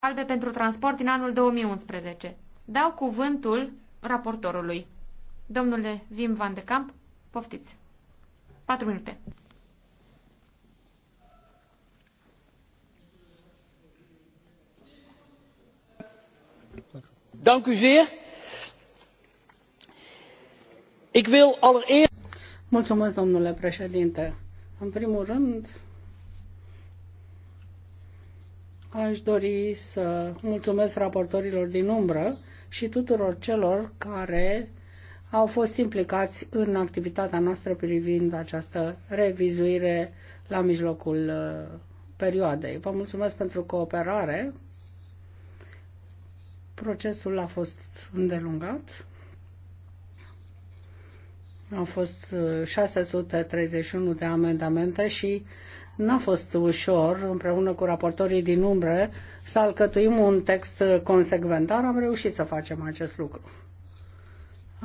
albe pentru transport în anul 2011. Dau cuvântul raportorului. Domnule Vim Van de Camp, poftiți. 4 minute. Dank u zeer. Ik wil allereerst. Mulțumesc, domnule președinte. În primul rând, Aș dori să mulțumesc raportorilor din umbră și tuturor celor care au fost implicați în activitatea noastră privind această revizuire la mijlocul uh, perioadei. Vă mulțumesc pentru cooperare. Procesul a fost îndelungat. Au fost 631 uh, de amendamente și N-a fost ușor, împreună cu raportorii din umbră, să alcătuim un text consecvent, dar am reușit să facem acest lucru.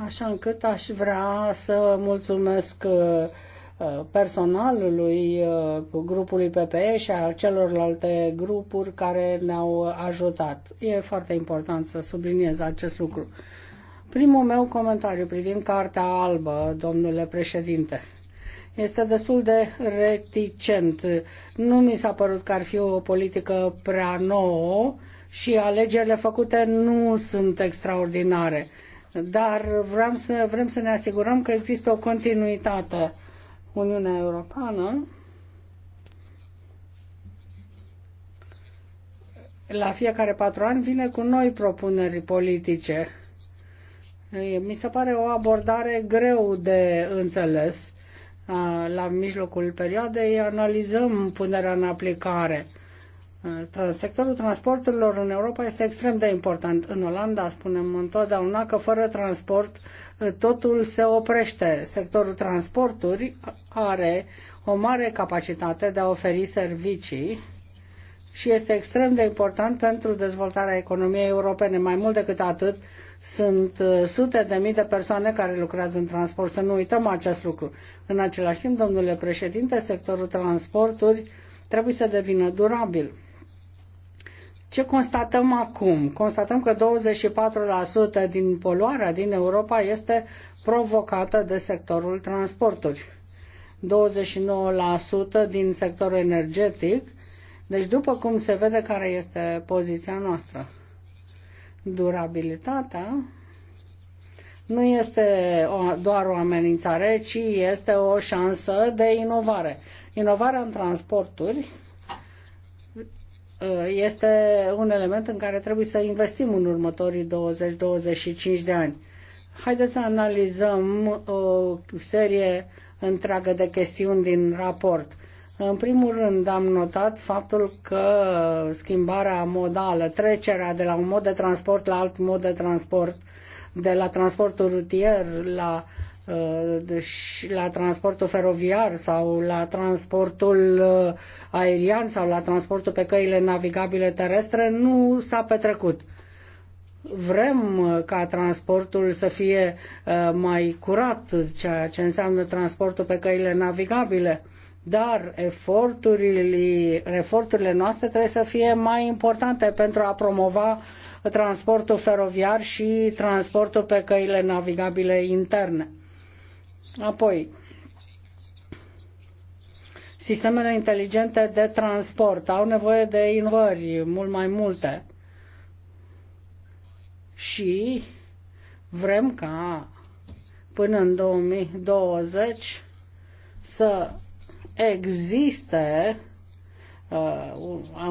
Așa încât aș vrea să mulțumesc uh, uh, personalului uh, grupului PPE și al celorlalte grupuri care ne-au ajutat. E foarte important să subliniez acest lucru. Primul meu comentariu privind Cartea Albă, domnule președinte este destul de reticent. Nu mi s-a părut că ar fi o politică prea nouă și alegerile făcute nu sunt extraordinare. Dar vrem să, vrem să ne asigurăm că există o continuitate. Uniunea Europeană la fiecare patru ani vine cu noi propuneri politice. Mi se pare o abordare greu de înțeles la mijlocul perioadei analizăm punerea în aplicare. Sectorul transporturilor în Europa este extrem de important. În Olanda spunem întotdeauna că fără transport totul se oprește. Sectorul transporturi are o mare capacitate de a oferi servicii și este extrem de important pentru dezvoltarea economiei europene. Mai mult decât atât, sunt uh, sute de mii de persoane care lucrează în transport, să nu uităm acest lucru. În același timp, domnule președinte, sectorul transporturi trebuie să devină durabil. Ce constatăm acum? Constatăm că 24% din poluarea din Europa este provocată de sectorul transporturi. 29% din sectorul energetic. Deci, după cum se vede care este poziția noastră. Durabilitatea nu este o, doar o amenințare, ci este o șansă de inovare. Inovarea în transporturi uh, este un element în care trebuie să investim în următorii 20-25 de ani. Haideți să analizăm o serie întreagă de chestiuni din raport. În primul rând am notat faptul că schimbarea modală, trecerea de la un mod de transport la alt mod de transport, de la transportul rutier la, uh, la transportul feroviar sau la transportul uh, aerian sau la transportul pe căile navigabile terestre nu s-a petrecut vrem uh, ca transportul să fie mai curat, ceea ce înseamnă transportul pe căile navigabile. Dar eforturile, eforturile noastre trebuie să fie mai importante pentru a promova transportul feroviar și transportul pe căile navigabile interne. Apoi, sistemele inteligente de transport au nevoie de inovări mult mai multe. Și vrem ca până în 2020 să existe uh,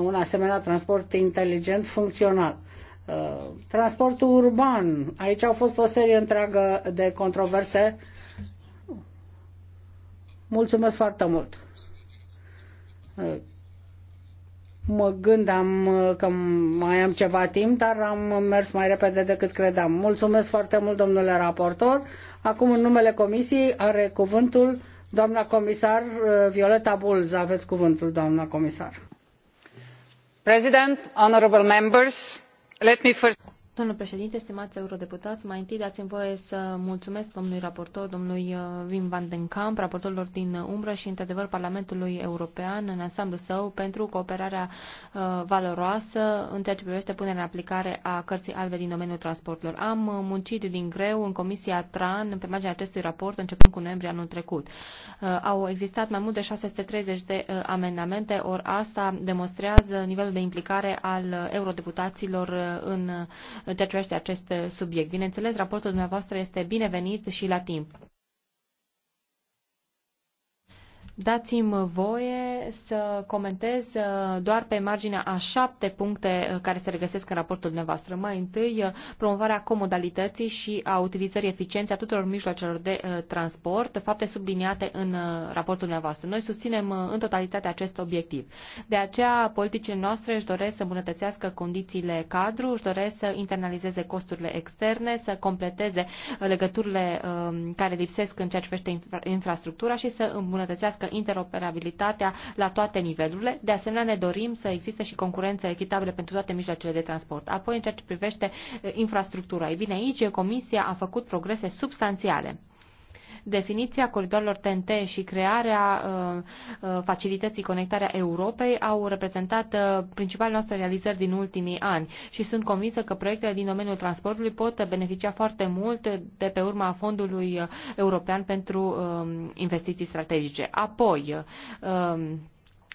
un asemenea transport inteligent funcțional. Uh, transportul urban, aici au fost o serie întreagă de controverse. Mulțumesc foarte mult! Uh, mă gândeam uh, că mai am ceva timp, dar am mers mai repede decât credeam. Mulțumesc foarte mult, domnule raportor. Acum, în numele comisiei, are cuvântul Doamna comisar uh, Violeta Bulz, aveți cuvântul, doamna comisar. President, honorable members, let me first... Domnule președinte, stimați eurodeputați, mai întâi dați-mi voie să mulțumesc domnului raportor, domnului uh, Wim van den Kamp, raportorilor din umbră și, într-adevăr, Parlamentului European în ansamblu său pentru cooperarea uh, valoroasă în ceea ce privește punerea în aplicare a cărții albe din domeniul transporturilor. Am uh, muncit din greu în Comisia TRAN pe marginea acestui raport începând cu noiembrie anul trecut. au existat mai mult de 630 de amendamente, ori asta demonstrează nivelul de implicare al eurodeputaților în ceea ce acest subiect. Bineînțeles, raportul dumneavoastră este binevenit și la timp. Dați-mi voie să comentez uh, doar pe marginea a șapte puncte uh, care se regăsesc în raportul dumneavoastră. Mai întâi, uh, promovarea comodalității și a utilizării eficienței a tuturor mijloacelor de transport, fapte subliniate în raportul dumneavoastră. Noi susținem în totalitate acest obiectiv. De aceea, politicile noastre își doresc să îmbunătățească condițiile cadru, își doresc să internalizeze costurile externe, să completeze legăturile um, care lipsesc în ceea ce privește infrastructura și să îmbunătățească crească interoperabilitatea la toate nivelurile. De asemenea, ne dorim să existe și concurență echitabilă pentru toate mijloacele de transport. Apoi, în ceea ce privește eh, infrastructura, ei bine, aici Comisia a făcut progrese substanțiale. Definiția coridorilor TNT și crearea uh, uh, facilității Conectarea Europei au reprezentat uh, principalele noastre realizări din ultimii ani și sunt convinsă că proiectele din domeniul transportului pot beneficia foarte mult de pe urma Fondului European pentru um, Investiții Strategice. Apoi, um,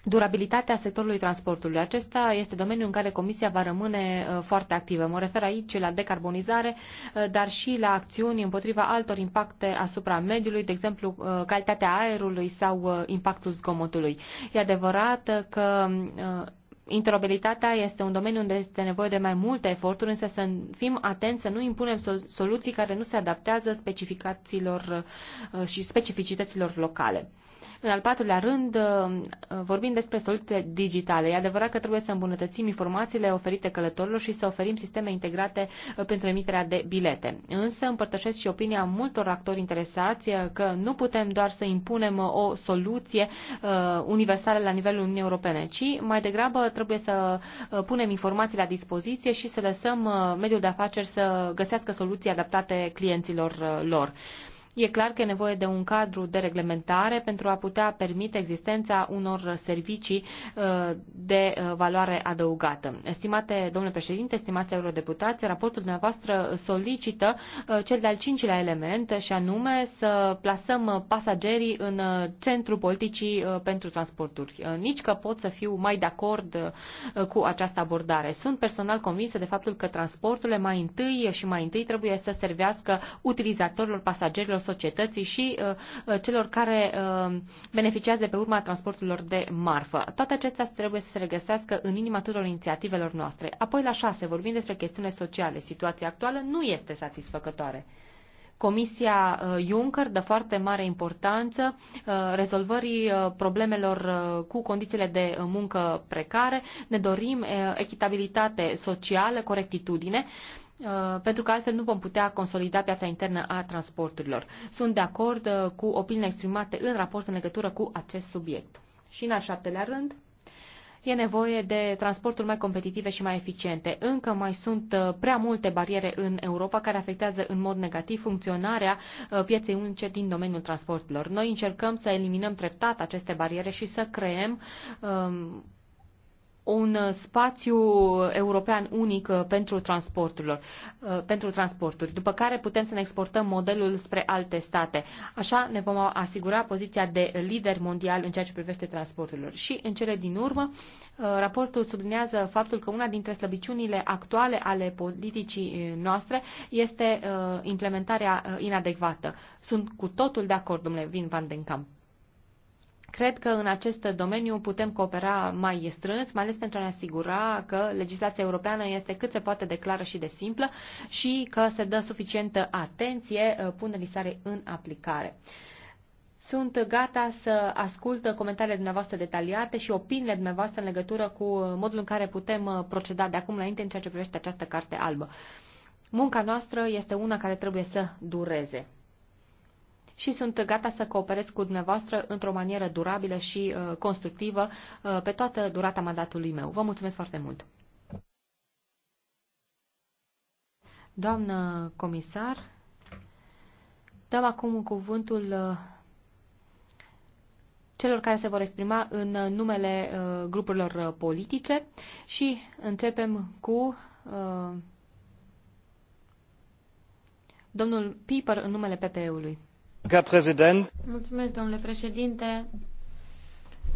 durabilitatea sectorului transportului. Acesta este domeniul în care Comisia va rămâne uh, foarte activă. Mă refer aici la decarbonizare, uh, dar și la acțiuni împotriva altor impacte asupra mediului, de exemplu uh, calitatea aerului sau impactul zgomotului. E adevărat că Interoperabilitatea este un domeniu unde este nevoie de mai multe eforturi, însă să fim atenți să nu impunem soluții care nu se adaptează specificațiilor și specificităților locale. În al patrulea rând, uh, uh, vorbim despre soluții digitale. E adevărat că trebuie să îmbunătățim informațiile oferite călătorilor și să oferim sisteme integrate uh, pentru emiterea de bilete. Însă împărtășesc și opinia multor actori interesați că nu putem doar să impunem o soluție universală la nivelul Uniunii Europene, ci mai degrabă trebuie să punem informații la dispoziție și să lăsăm mediul de afaceri să găsească soluții adaptate clienților lor. E clar că e nevoie de un cadru de reglementare pentru a putea permite existența unor servicii uh, de uh, valoare adăugată. Estimate domnule președinte, stimați eurodeputați, raportul dumneavoastră solicită uh, cel de-al cincilea element și anume să plasăm pasagerii în centrul politicii pentru transporturi. Nici că pot să fiu mai de acord cu această abordare. Sunt personal convinsă de faptul că transporturile mai întâi și mai întâi trebuie să servească utilizatorilor, pasagerilor membrilor societății și uh, uh, celor care uh, beneficiază pe urma transporturilor de marfă. Toate acestea trebuie să se regăsească în inima tuturor inițiativelor noastre. Apoi, la șase, vorbim despre chestiune sociale. Situația actuală nu este satisfăcătoare. Comisia Juncker dă foarte mare importanță rezolvării problemelor cu condițiile de muncă precare. Ne dorim echitabilitate socială, corectitudine. Uh, pentru că altfel nu vom putea consolida piața internă a transporturilor. Sunt de acord uh, cu opiniile exprimate în raport în legătură cu acest subiect. Și în al șaptelea rând, e nevoie de transporturi mai competitive și mai eficiente. Încă mai sunt uh, prea multe bariere în Europa care afectează în mod negativ funcționarea pieței unice din domeniul transporturilor. Noi încercăm să eliminăm treptat aceste bariere și să creăm um, un uh, spațiu european unic uh, pentru, transporturilor, uh, pentru transporturi, după care putem să ne exportăm modelul spre alte state. Așa ne vom asigura poziția de lider mondial în ceea ce privește transporturilor. Și în cele din urmă, raportul sublinează faptul că una dintre slăbiciunile actuale ale politicii noastre este implementarea inadecvată. Sunt cu totul de acord, domnule Vin Van den Kamp. Cred că în acest domeniu putem coopera mai strâns, mai ales pentru a ne asigura că legislația europeană este cât se poate de clară și de simplă și că se dă suficientă atenție uh, punerii sare în aplicare. Sunt gata să ascult comentariile dumneavoastră detaliate și opiniile dumneavoastră în legătură cu uh, modul în care putem uh, proceda de acum înainte în ceea ce privește această carte albă. Munca noastră este una care trebuie să dureze și sunt gata să cooperez cu dumneavoastră într-o manieră durabilă și uh, constructivă uh, pe toată durata mandatului meu. Vă mulțumesc foarte mult! Doamnă comisar, dăm acum cuvântul uh, celor care se vor exprima în uh, numele uh, grupurilor uh, politice și începem cu uh, domnul Piper în numele PPE-ului. Mulțumesc, domnule președinte.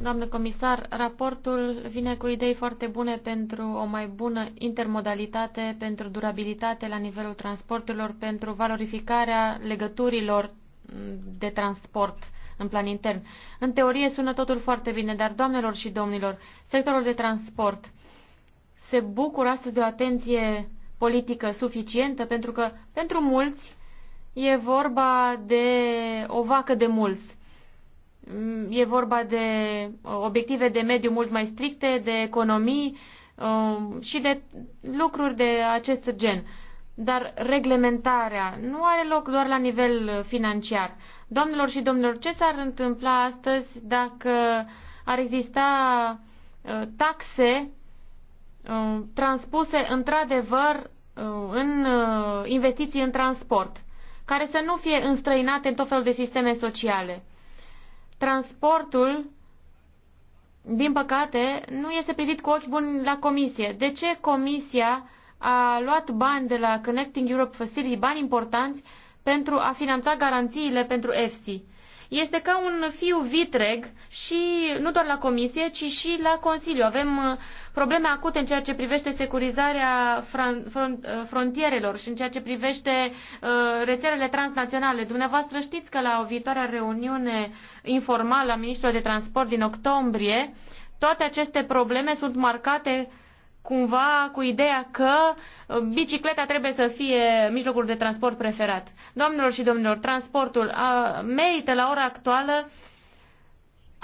Doamnă comisar, raportul vine cu idei foarte bune pentru o mai bună intermodalitate, pentru durabilitate la nivelul transporturilor, pentru valorificarea legăturilor de transport în plan intern. În teorie sună totul foarte bine, dar doamnelor și domnilor, sectorul de transport se bucură astăzi de o atenție politică suficientă pentru că pentru mulți E vorba de o vacă de mulți. Mm, e vorba de uh, obiective de mediu mult mai stricte, de economii um, și de lucruri de acest gen. Dar reglementarea nu are loc doar la nivel uh, financiar. Doamnelor și domnilor, ce s-ar întâmpla astăzi dacă ar exista uh, taxe um, transpuse într-adevăr în investiții în transport? care să nu fie înstrăinate în tot felul de sisteme sociale. Transportul, din păcate, nu este privit cu ochi buni la comisie. De ce comisia a luat bani de la Connecting Europe Facility, bani importanți, pentru a finanța garanțiile pentru EFSI? este ca un fiu vitreg și nu doar la comisie, ci și la Consiliu. Avem uh, probleme acute în ceea ce privește securizarea uh, frontierelor și în ceea ce privește uh, rețelele transnaționale. Dumneavoastră știți că la o viitoare reuniune informală a ministrilor de transport din octombrie, toate aceste probleme sunt marcate cumva cu ideea că uh, bicicleta trebuie să fie mijlocul de transport preferat. Doamnelor și domnilor, transportul a, merită la ora actuală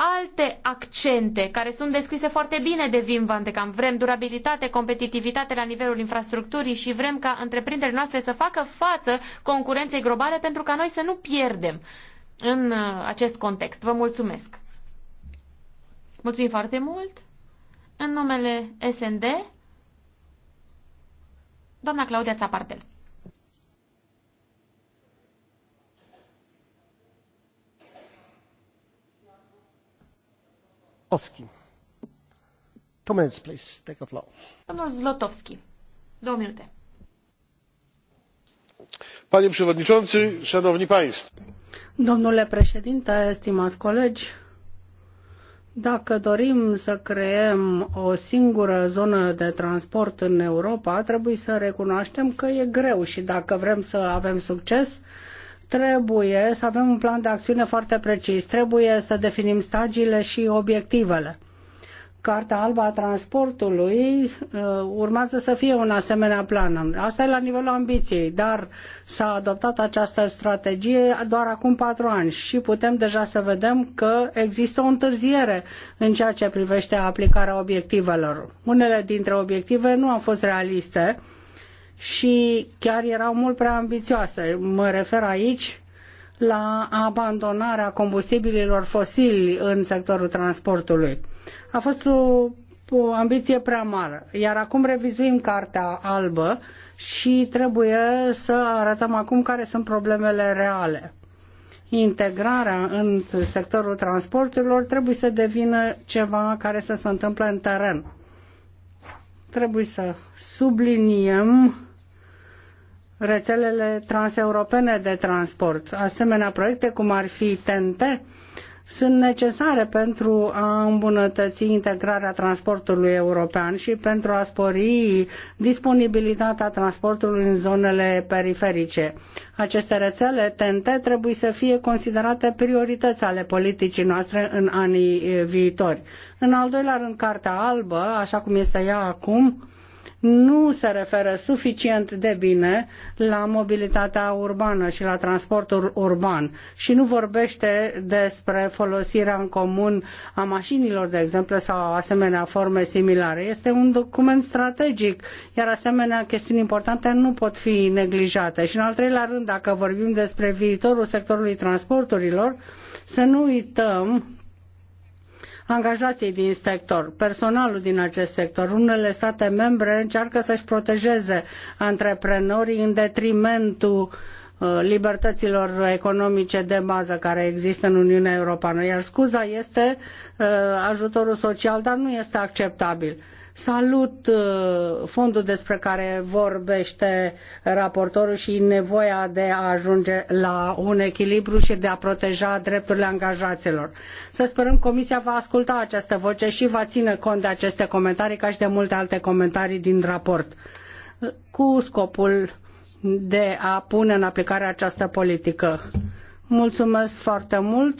alte accente care sunt descrise foarte bine de Wim Van de Kamp. Vrem durabilitate, competitivitate la nivelul infrastructurii și vrem ca întreprinderile noastre să facă față concurenței globale pentru ca noi să nu pierdem în uh, acest context. Vă mulțumesc! Mulțumim foarte mult! În numele SND, doamna Claudia Țapardel. please. Take floor. Zlotowski. Două minute. Panie przewodniczący, szanowni państwo. Domnule președinte, stimați colegi, dacă dorim să creăm o singură zonă de transport în Europa, trebuie să recunoaștem că e greu și dacă vrem să avem succes, trebuie să avem un plan de acțiune foarte precis, trebuie să definim stagiile și obiectivele. Carta albă a transportului uh, urmează să fie un asemenea plan. Asta e la nivelul ambiției, dar s-a adoptat această strategie doar acum patru ani și putem deja să vedem că există o întârziere în ceea ce privește aplicarea obiectivelor. Unele dintre obiective nu au fost realiste, uh, și chiar erau mult prea ambițioase. Mă refer aici la abandonarea combustibililor fosili în sectorul transportului. A fost o, o ambiție prea mare. Iar acum revizuim cartea albă și trebuie să arătăm acum care sunt problemele reale. Integrarea în sectorul transporturilor trebuie să devină ceva care să se întâmple în teren. Trebuie să subliniem rețelele transeuropene de transport. Asemenea, proiecte cum ar fi TNT sunt necesare pentru a îmbunătăți integrarea transportului european și pentru a spori disponibilitatea transportului în zonele periferice. Aceste rețele TNT trebuie să fie considerate priorități ale politicii noastre în anii viitori. În al doilea rând, Cartea Albă, așa cum este ea acum, nu se referă suficient de bine la mobilitatea urbană și la transportul urban și nu vorbește despre folosirea în comun a mașinilor, de exemplu, sau asemenea forme similare. Este un document strategic, iar asemenea chestiuni importante nu pot fi neglijate. Și în al treilea rând, dacă vorbim despre viitorul sectorului transporturilor, să nu uităm angajații din sector, personalul din acest sector. Unele state membre încearcă să-și protejeze antreprenorii în detrimentul uh, libertăților economice de bază care există în Uniunea Europeană. Iar scuza este uh, ajutorul social, dar nu este acceptabil Salut uh, fondul despre care vorbește raportorul și nevoia de a ajunge la un echilibru și de a proteja drepturile angajaților. Să sperăm Comisia va asculta această voce și va ține cont de aceste comentarii ca și de multe alte comentarii din raport uh, cu scopul de a pune în aplicare această politică. Mulțumesc foarte mult!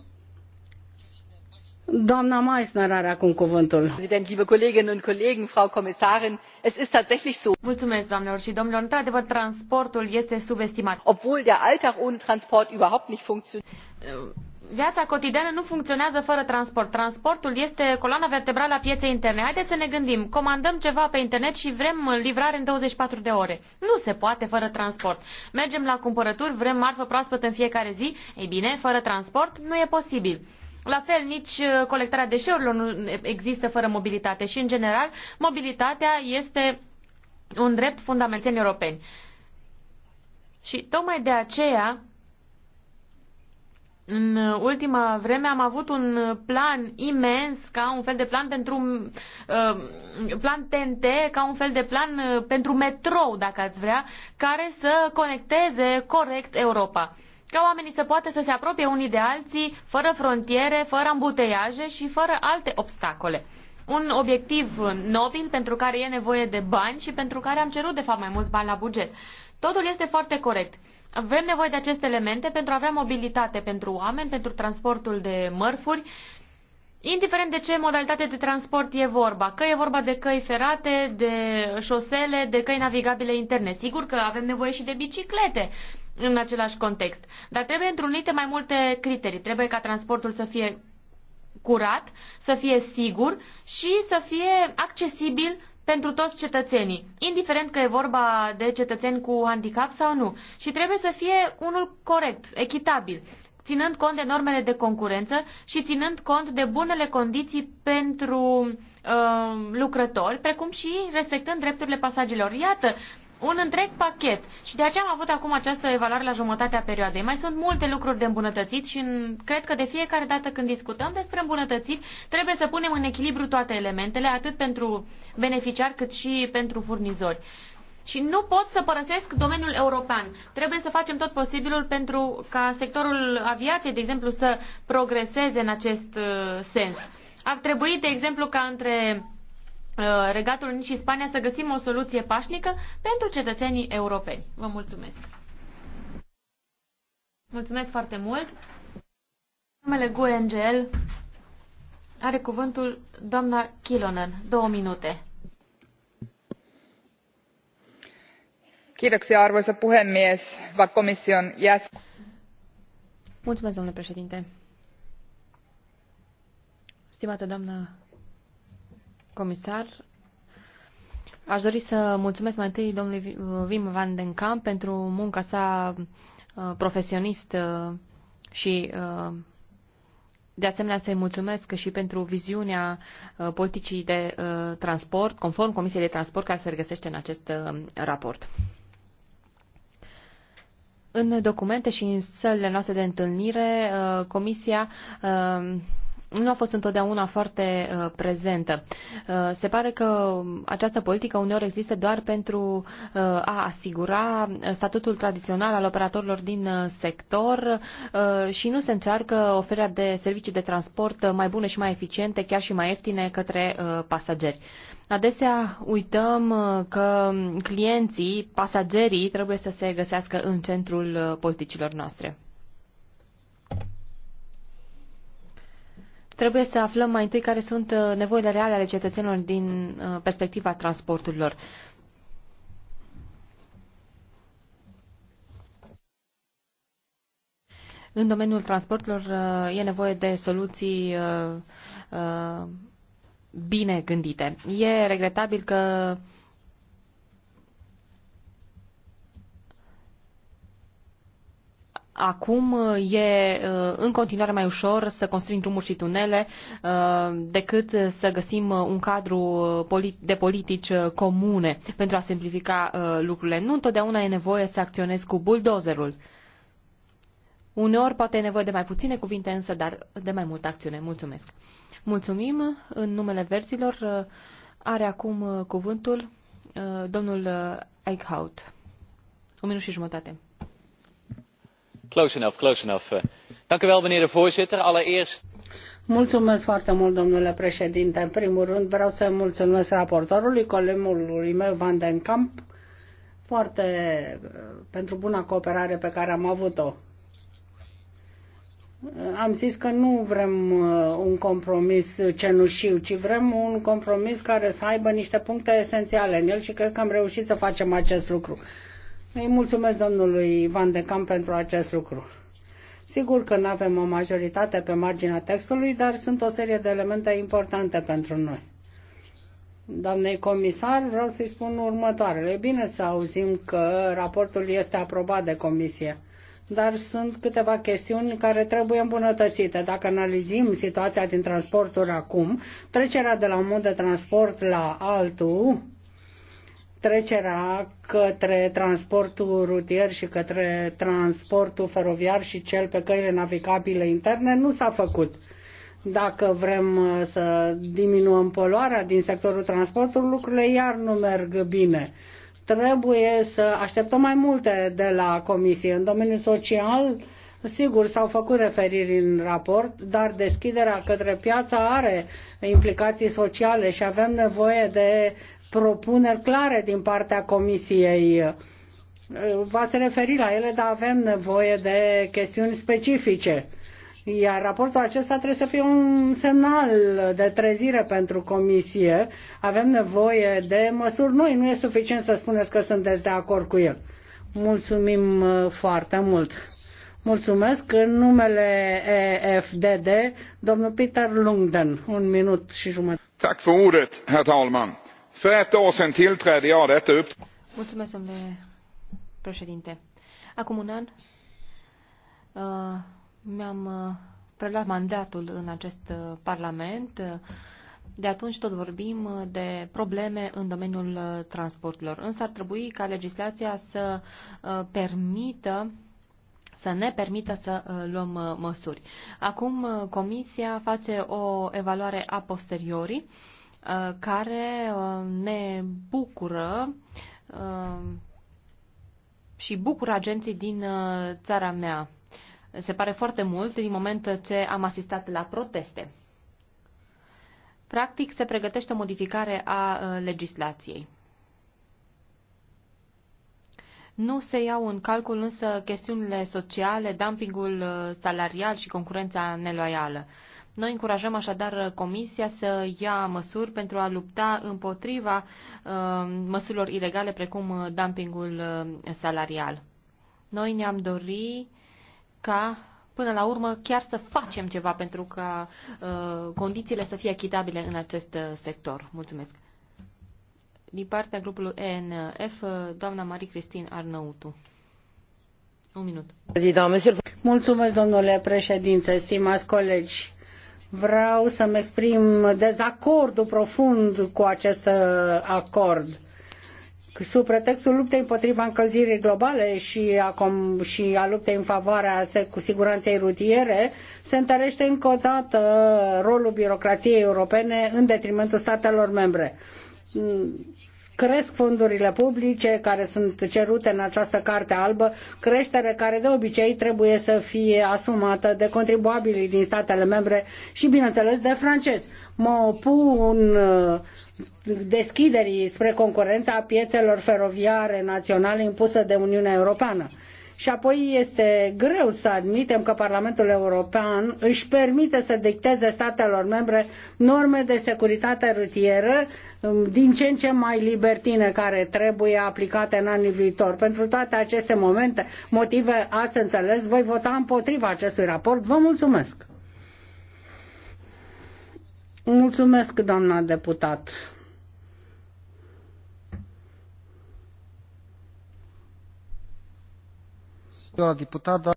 Doamna Meissner are acum cuvântul. Prezident, liebe Kolleginnen und Kollegen, Frau Kommissarin, es ist tatsächlich so. Mulțumesc, doamnelor și domnilor. Într-adevăr, transportul este subestimat. Obwohl der Alltag ohne Transport überhaupt nicht funktioniert. Uh, viața cotidiană nu funcționează fără transport. Transportul este coloana vertebrală a pieței interne. Haideți să ne gândim. Comandăm ceva pe internet și vrem livrare în 24 de ore. Nu se poate fără transport. Mergem la cumpărături, vrem marfă proaspătă în fiecare zi. Ei bine, fără transport nu e posibil. La fel, nici uh, colectarea deșeurilor nu există fără mobilitate și, în general, mobilitatea este un drept fundamental europeni. Și tocmai de aceea, în ultima vreme am avut un plan imens, ca un fel de plan pentru uh, plan TNT, ca un fel de plan uh, pentru metrou, dacă ați vrea, care să conecteze corect Europa ca oamenii să poată să se apropie unii de alții, fără frontiere, fără îmbuteiaje și fără alte obstacole. Un obiectiv nobil pentru care e nevoie de bani și pentru care am cerut, de fapt, mai mulți bani la buget. Totul este foarte corect. Avem nevoie de aceste elemente pentru a avea mobilitate pentru oameni, pentru transportul de mărfuri, indiferent de ce modalitate de transport e vorba, că e vorba de căi ferate, de șosele, de căi navigabile interne. Sigur că avem nevoie și de biciclete, în același context. Dar trebuie întrunite mai multe criterii. Trebuie ca transportul să fie curat, să fie sigur și să fie accesibil pentru toți cetățenii, indiferent că e vorba de cetățeni cu handicap sau nu. Și trebuie să fie unul corect, echitabil, ținând cont de normele de concurență și ținând cont de bunele condiții pentru uh, lucrători, precum și respectând drepturile pasagerilor. Iată un întreg pachet și de aceea am avut acum această evaluare la jumătatea perioadei. Mai sunt multe lucruri de îmbunătățit și în, cred că de fiecare dată când discutăm despre îmbunătățit trebuie să punem în echilibru toate elementele, atât pentru beneficiari cât și pentru furnizori. Și nu pot să părăsesc domeniul european. Trebuie să facem tot posibilul pentru ca sectorul aviației, de exemplu, să progreseze în acest uh, sens. Ar trebui, de exemplu, ca între Uh, Regatul Unit și Spania să găsim o soluție pașnică pentru cetățenii europeni. Vă mulțumesc! Mulțumesc foarte mult! Numele GUNGL are cuvântul doamna Kilonen. Două minute. Kiitoksia, arvoisa puhemies, va komission jäsen. Mulțumesc, domnule președinte. Stimată doamnă comisar, aș dori să mulțumesc mai întâi domnului Wim van den Kamp pentru munca sa uh, profesionist uh, și uh, de asemenea să-i mulțumesc și pentru viziunea politicii de transport, conform Comisiei de Transport, care se regăsește în acest raport. În documente și în sălile noastre de întâlnire, Comisia nu a fost întotdeauna foarte uh, prezentă. Uh, se pare că această politică uneori există doar pentru uh, a asigura statutul tradițional al operatorilor din uh, sector uh, și nu se încearcă oferirea de servicii de transport uh, mai bune și mai eficiente, chiar și mai ieftine către uh, pasageri. Adesea uităm uh, că clienții, pasagerii trebuie să se găsească în centrul uh, politicilor noastre. Trebuie să aflăm mai întâi care sunt uh, nevoile reale ale cetățenilor din uh, perspectiva transporturilor. În domeniul transporturilor uh, e nevoie de soluții bine gândite. E regretabil că Acum e uh, în continuare mai ușor să construim drumuri și tunele uh, decât să găsim uh, un cadru de politici comune pentru a simplifica lucrurile. Nu întotdeauna e nevoie să acționezi cu buldozerul. Uneori poate e nevoie de mai puține cuvinte, însă dar de mai multă acțiune. Mulțumesc. Mulțumim. În numele verzilor are acum cuvântul domnul Eichhout. Un minut și jumătate. Eh. Mulțumesc foarte mult, domnule președinte. În primul rând vreau să mulțumesc raportorului, colegului meu, Van de camp foarte, eh, pentru buna cooperare pe care am avut-o. Eh, am zis că nu vrem un compromis cenușiu, ci vrem un compromis care să aibă niște puncte esențiale în el și cred că am reușit să facem acest lucru. Îi mulțumesc domnului Van de Camp pentru acest lucru. Sigur că nu avem o majoritate pe marginea textului, dar sunt o serie de elemente importante pentru noi. Doamnei comisar, vreau să-i spun următoarele. E bine să auzim că raportul este aprobat de comisie, dar sunt câteva chestiuni care trebuie îmbunătățite. Dacă analizăm situația din transporturi acum, trecerea de la un mod de transport la altul, trecerea către transportul rutier și către transportul feroviar și cel pe căile navigabile interne nu s-a făcut. Dacă vrem uh, să diminuăm poluarea din sectorul transportului, lucrurile iar nu merg bine. Trebuie să așteptăm mai multe de la Comisie. În domeniul social, Sigur, s-au făcut referiri în raport, dar deschiderea către piață are implicații sociale și avem nevoie de propuneri clare din partea Comisiei. V-ați referit la ele, dar avem nevoie de chestiuni specifice. Iar raportul acesta trebuie să fie un semnal de trezire pentru comisie. Avem nevoie de măsuri noi. Nu e suficient să spuneți că sunteți de acord cu el. Mulțumim uh, foarte mult. Mulțumesc. În numele EFDD, domnul Peter Lungden. Un minut și jumătate. Tak för ordet, herr talman. För ett år sedan tillträdde jag detta uppdrag. Mulțumesc, domnule președinte. Acum un an uh, mi-am uh, preluat mandatul în acest uh, parlament. de atunci tot vorbim uh, de probleme în domeniul uh, transporturilor, însă ar trebui ca legislația să uh, permită să ne permită să luăm măsuri. Acum Comisia face o evaluare a posteriori Uh, care uh, ne bucură uh, și bucură agenții din țara mea. Se pare foarte mult din moment ce am asistat la proteste. Practic, se pregătește o modificare a legislației. Nu se iau în calcul însă chestiunile sociale, dumpingul salarial și concurența neloială. Noi încurajăm așadar Comisia să ia măsuri pentru a lupta împotriva uh, măsurilor ilegale precum uh, dumpingul uh, salarial. Noi ne-am dorit ca până la urmă chiar să facem ceva pentru ca condițiile să fie echitabile în acest sector. Mulțumesc. Din partea grupului ENF, doamna Marie Cristin Arnautu. Un minut. Mulțumesc, domnule președinte, stimați colegi Vreau să-mi exprim dezacordul profund cu acest uh, acord. Sub pretextul luptei împotriva încălzirii globale și a, com- și a luptei în favoarea cu siguranței rutiere, se întărește încă o dată rolul birocrației europene în detrimentul statelor membre cresc fondurile publice care sunt cerute în această carte albă, creștere care de obicei trebuie să fie asumată de contribuabilii din statele membre și, bineînțeles, de francezi. Mă opun uh, deschiderii spre concurența piețelor feroviare naționale impusă de Uniunea Europeană și apoi este greu să admitem că Parlamentul European își permite să dicteze statelor membre norme de securitate rutieră um, din ce în ce mai libertine care trebuie aplicate în anii viitor. Pentru toate aceste momente, motive ați înțeles, voi vota împotriva acestui raport. Vă mulțumesc! Mulțumesc, doamna deputată. Doamna deputată.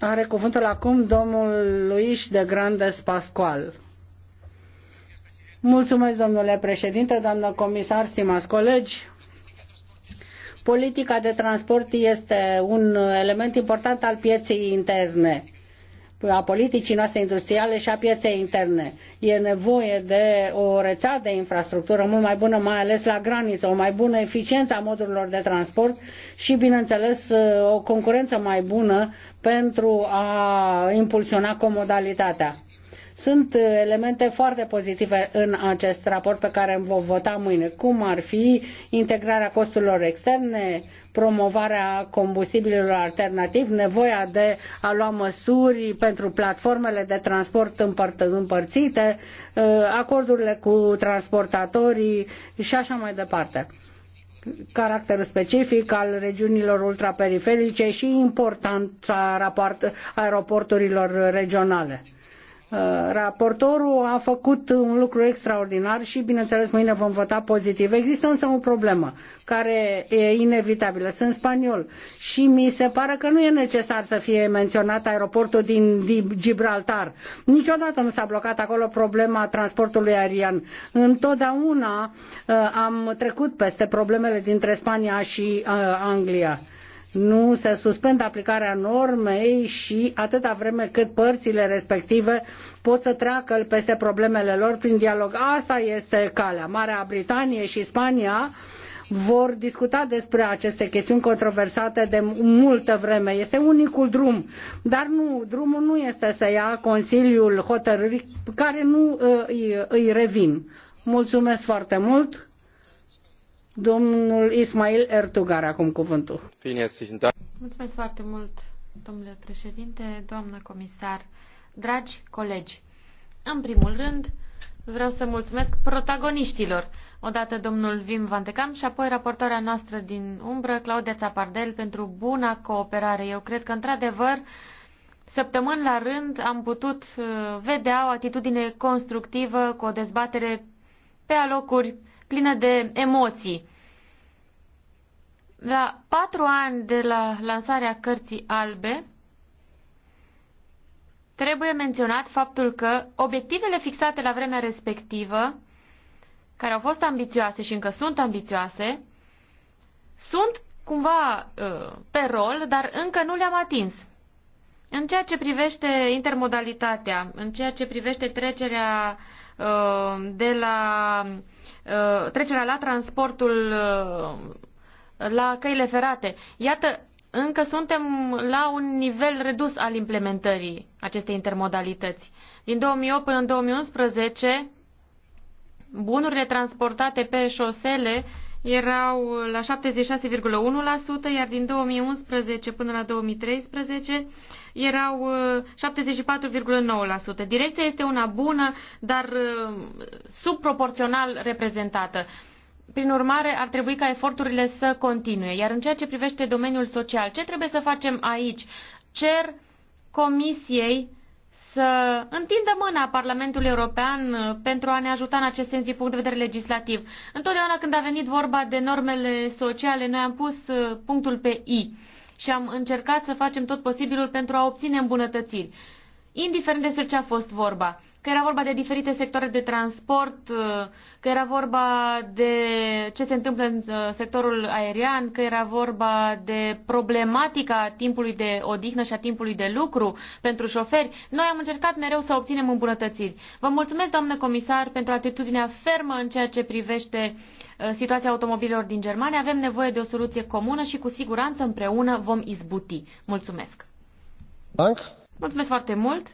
Are cuvântul acum domnul Luis de Grandes Pascual. Mulțumesc, domnule președinte, doamnă comisar, stimați colegi. Politica de transport este un element important al pieței interne a politicii noastre industriale și a pieței interne. E nevoie de o rețea de infrastructură mult mai bună, mai ales la graniță, o mai bună eficiență a modurilor de transport și, bineînțeles, o concurență mai bună pentru a impulsiona comodalitatea. Sunt uh, elemente foarte pozitive în acest raport pe care îl vom vota mâine, cum ar fi integrarea costurilor externe, promovarea combustibililor alternativ, nevoia de a lua măsuri pentru platformele de transport împărțite, uh, acordurile cu transportatorii și așa mai departe caracterul specific al regiunilor ultraperiferice și importanța aeroporturilor regionale Uh, raportorul a făcut un lucru extraordinar și, bineînțeles, mâine vom vota pozitiv. Există însă o problemă care e inevitabilă. Sunt spaniol și mi se pare că nu e necesar să fie menționat aeroportul din Gibraltar. Niciodată nu s-a blocat acolo problema transportului aerian. Întotdeauna uh, am trecut peste problemele dintre Spania și uh, Anglia nu se suspendă aplicarea normei și atâta vreme cât părțile respective pot să treacă peste problemele lor prin dialog. Asta este calea. Marea Britanie și Spania vor discuta despre aceste chestiuni controversate de multă vreme. Este unicul drum, dar nu, drumul nu este să ia Consiliul hotărârii care nu uh, îi, îi revin. Mulțumesc foarte mult! Domnul Ismail Ertugar, acum cuvântul. Mulțumesc foarte mult, domnule președinte, doamnă comisar, dragi colegi. În primul rând, vreau să mulțumesc protagoniștilor, odată domnul Vim Van de și apoi raportoarea noastră din umbră, Claudia Țapardel, pentru buna cooperare. Eu cred că, într-adevăr, săptămâni la rând am putut uh, vedea o atitudine constructivă cu o dezbatere pe alocuri plină de emoții. La patru ani de la lansarea cărții albe, trebuie menționat faptul că obiectivele fixate la vremea respectivă, care au fost ambițioase și încă sunt ambițioase, sunt cumva ă, pe rol, dar încă nu le-am atins. În ceea ce privește intermodalitatea, în ceea ce privește trecerea uh, Uh, de la uh, trecerea la transportul uh, la căile ferate. Iată, încă suntem la un nivel redus al implementării acestei intermodalități. Din 2008 până în 2011, bunurile transportate pe șosele erau la 76,1%, iar din 2011 până la 2013 erau 74,9%. Uh, Direcția este una bună, dar uh, subproporțional reprezentată. Prin urmare, ar trebui ca eforturile să continue. Iar în ceea ce privește domeniul social, ce trebuie să facem aici? Cer Comisiei să întindă mâna Parlamentului European uh, pentru a ne ajuta în acest sens din punct de vedere legislativ. Întotdeauna când a venit vorba de normele sociale, noi am pus punctul pe I și am încercat să facem tot posibilul pentru a obține îmbunătățiri. Indiferent despre ce a fost vorba, că era vorba de diferite sectoare de transport, uh, că era vorba de ce se întâmplă în uh, sectorul aerian, că era vorba de problematica timpului de odihnă și a timpului de lucru pentru șoferi. Noi am încercat mereu să obținem îmbunătățiri. Vă mulțumesc, doamnă comisar, pentru atitudinea fermă în ceea ce privește uh, Uh, situația automobilelor din Germania, avem nevoie de o soluție comună și cu siguranță împreună vom izbuti. Mulțumesc! Bank. Mulțumesc foarte mult!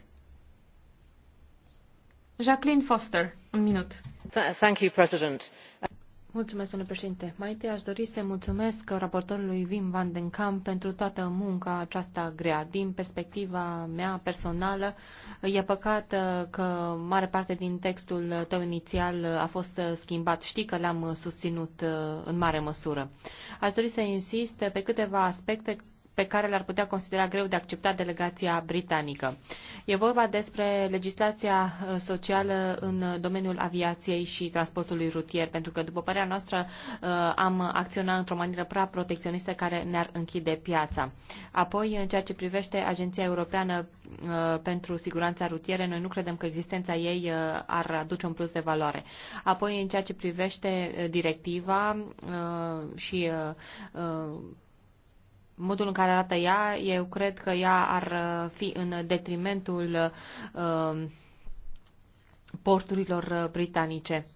Jacqueline Foster, un minut. Thank you, President. Mulțumesc, domnule președinte. Mai întâi aș dori să mulțumesc raportorului Wim van den Kamp pentru toată munca aceasta grea. Din perspectiva mea personală, e păcat uh, că mare parte din textul tău inițial a fost uh, schimbat. Știi că l-am susținut uh, în mare măsură. Aș dori să insist pe câteva aspecte pe care le-ar putea considera greu de acceptat delegația britanică. E vorba despre legislația uh, socială în domeniul aviației și transportului rutier, pentru că, după părerea noastră, uh, am acționat într-o manieră prea protecționistă care ne-ar închide piața. Apoi, în ceea ce privește Agenția Europeană uh, pentru Siguranța Rutieră, noi nu credem că existența ei ar aduce un plus de valoare. Apoi, în ceea ce privește directiva și modul în care arată ea, eu cred că ea ar uh, fi în detrimentul uh, porturilor uh, britanice.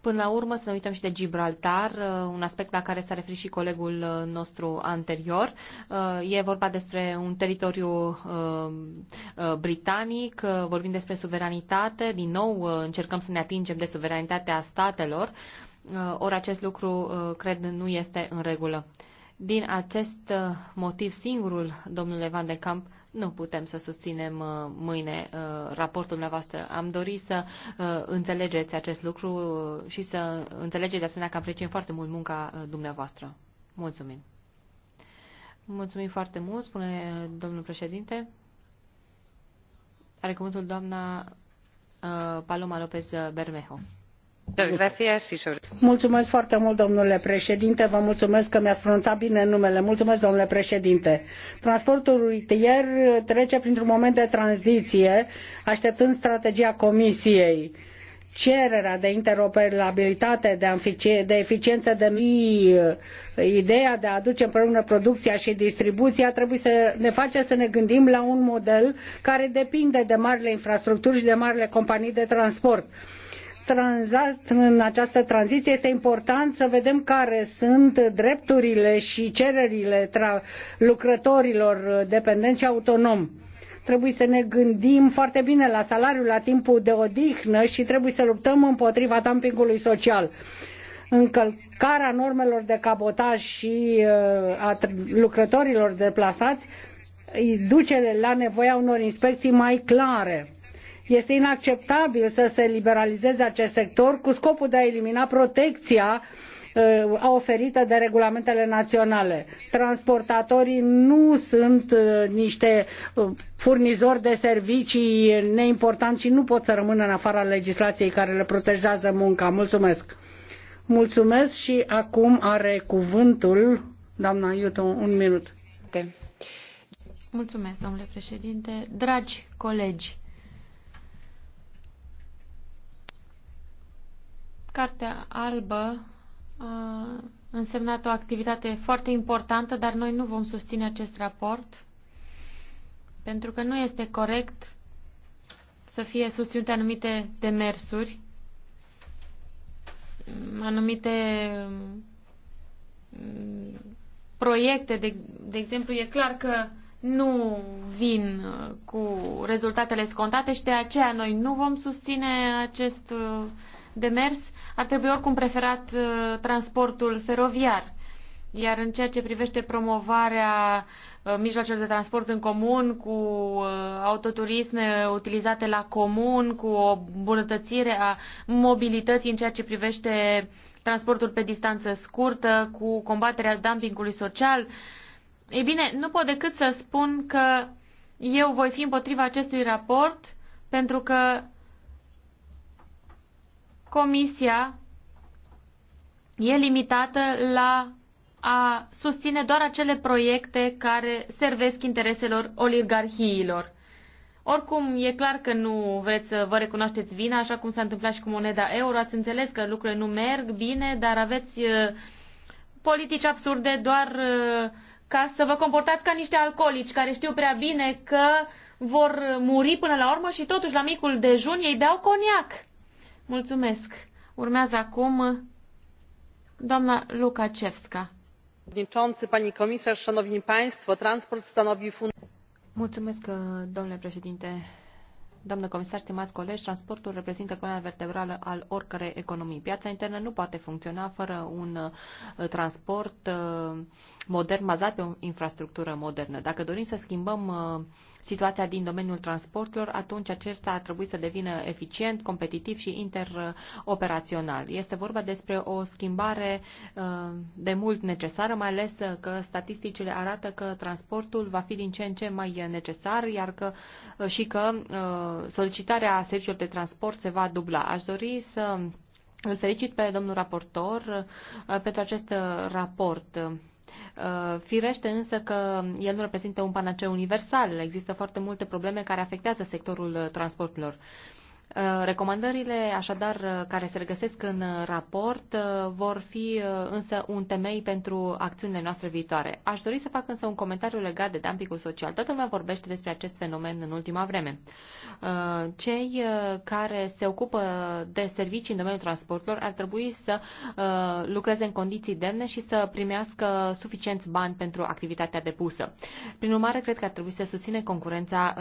Până la urmă să ne uităm și de Gibraltar, un aspect la care s-a referit și colegul nostru anterior. E vorba despre un teritoriu britanic, vorbim despre suveranitate, din nou încercăm să ne atingem de suveranitatea statelor, ori acest lucru, cred, nu este în regulă. Din acest uh, motiv singurul, domnule Van de Camp, nu putem să susținem uh, mâine uh, raportul dumneavoastră. Am dorit să înțelegeți acest lucru și să înțelegeți de asemenea că apreciem foarte mult munca dumneavoastră. Mulțumim. Mulțumim foarte mult, spune domnul președinte. Are cuvântul doamna Paloma López Bermejo. Mulțumesc foarte mult, domnule președinte. Vă mulțumesc că mi-ați pronunțat bine numele. Mulțumesc, domnule președinte. Transportul rutier trece printr-un moment de tranziție, așteptând strategia Comisiei cererea de interoperabilitate, de, eficiență, de ideea de a aduce împreună producția și distribuția trebuie să ne face să ne gândim la un model care depinde de marile infrastructuri și de marile companii de transport în această tranziție, este important să vedem care sunt drepturile și cererile lucrătorilor dependenți și autonomi trebuie să ne gândim foarte bine la salariul, la timpul de odihnă și trebuie să luptăm împotriva dumpingului social. Încălcarea normelor de cabotaj și uh, a lucrătorilor deplasați duce la nevoia unor inspecții mai clare este inacceptabil să se liberalizeze acest sector cu scopul de a elimina protecția uh, oferită de regulamentele naționale. Transportatorii nu sunt uh, niște uh, furnizori de servicii neimportanți și nu pot să rămână în afara legislației care le protejează munca. Mulțumesc! Mulțumesc și acum are cuvântul doamna Iuto, un minut. Mulțumesc, domnule președinte. Dragi colegi, Cartea albă a însemnat o activitate foarte importantă, dar noi nu vom susține acest raport pentru că nu este corect să fie susținute anumite demersuri, anumite mm, proiecte. De, de exemplu, e clar că nu vin uh, cu rezultatele scontate și de aceea noi nu vom susține acest uh, de mers, ar trebui oricum preferat uh, transportul feroviar. Iar în ceea ce privește promovarea uh, mijloacelor de transport în comun, cu uh, autoturisme utilizate la comun, cu o bunătățire a mobilității în ceea ce privește transportul pe distanță scurtă, cu combaterea dumpingului social. Ei bine, nu pot decât să spun că eu voi fi împotriva acestui raport pentru că Comisia e limitată la a susține doar acele proiecte care servesc intereselor oligarhiilor. Oricum, e clar că nu vreți să vă recunoașteți vina, așa cum s-a întâmplat și cu moneda euro. Ați înțeles că lucrurile nu merg bine, dar aveți uh, politici absurde doar uh, ca să vă comportați ca niște alcoolici care știu prea bine că vor muri până la urmă și totuși la micul dejun ei beau coniac. Mulțumesc. Urmează acum doamna Lukaszewska. Pani komisarz, szanowni państwo, transport stanowi Mulțumesc, domnule președinte. Doamnă comisar, stimați colegi, transportul reprezintă coloana vertebrală al oricărei economii. Piața internă nu poate funcționa fără un uh, transport uh, modern bazat pe o infrastructură modernă. Dacă dorim să schimbăm uh, situația din domeniul transporturilor, atunci acesta ar trebui să devină eficient, competitiv și interoperațional. Este vorba despre o schimbare uh, de mult necesară, mai ales că statisticile arată că transportul va fi din ce în ce mai necesar, iar că uh, și că uh, solicitarea serviciilor de transport se va dubla. Aș dori să îl felicit pe domnul raportor pentru acest raport. Uh, firește însă că el nu reprezintă un panaceu universal. Există foarte multe probleme care afectează sectorul uh, transporturilor. Uh, recomandările, așadar, uh, care se regăsesc în uh, raport, vor fi însă un temei pentru acțiunile noastre viitoare. Aș dori să fac însă un comentariu legat de dumpingul social. Toată lumea vorbește despre acest fenomen în ultima vreme. Cei care se ocupă de servicii în domeniul transporturilor ar trebui să lucreze în condiții demne și să primească suficienți bani pentru activitatea depusă. Prin urmare, cred că ar trebui să susține concurența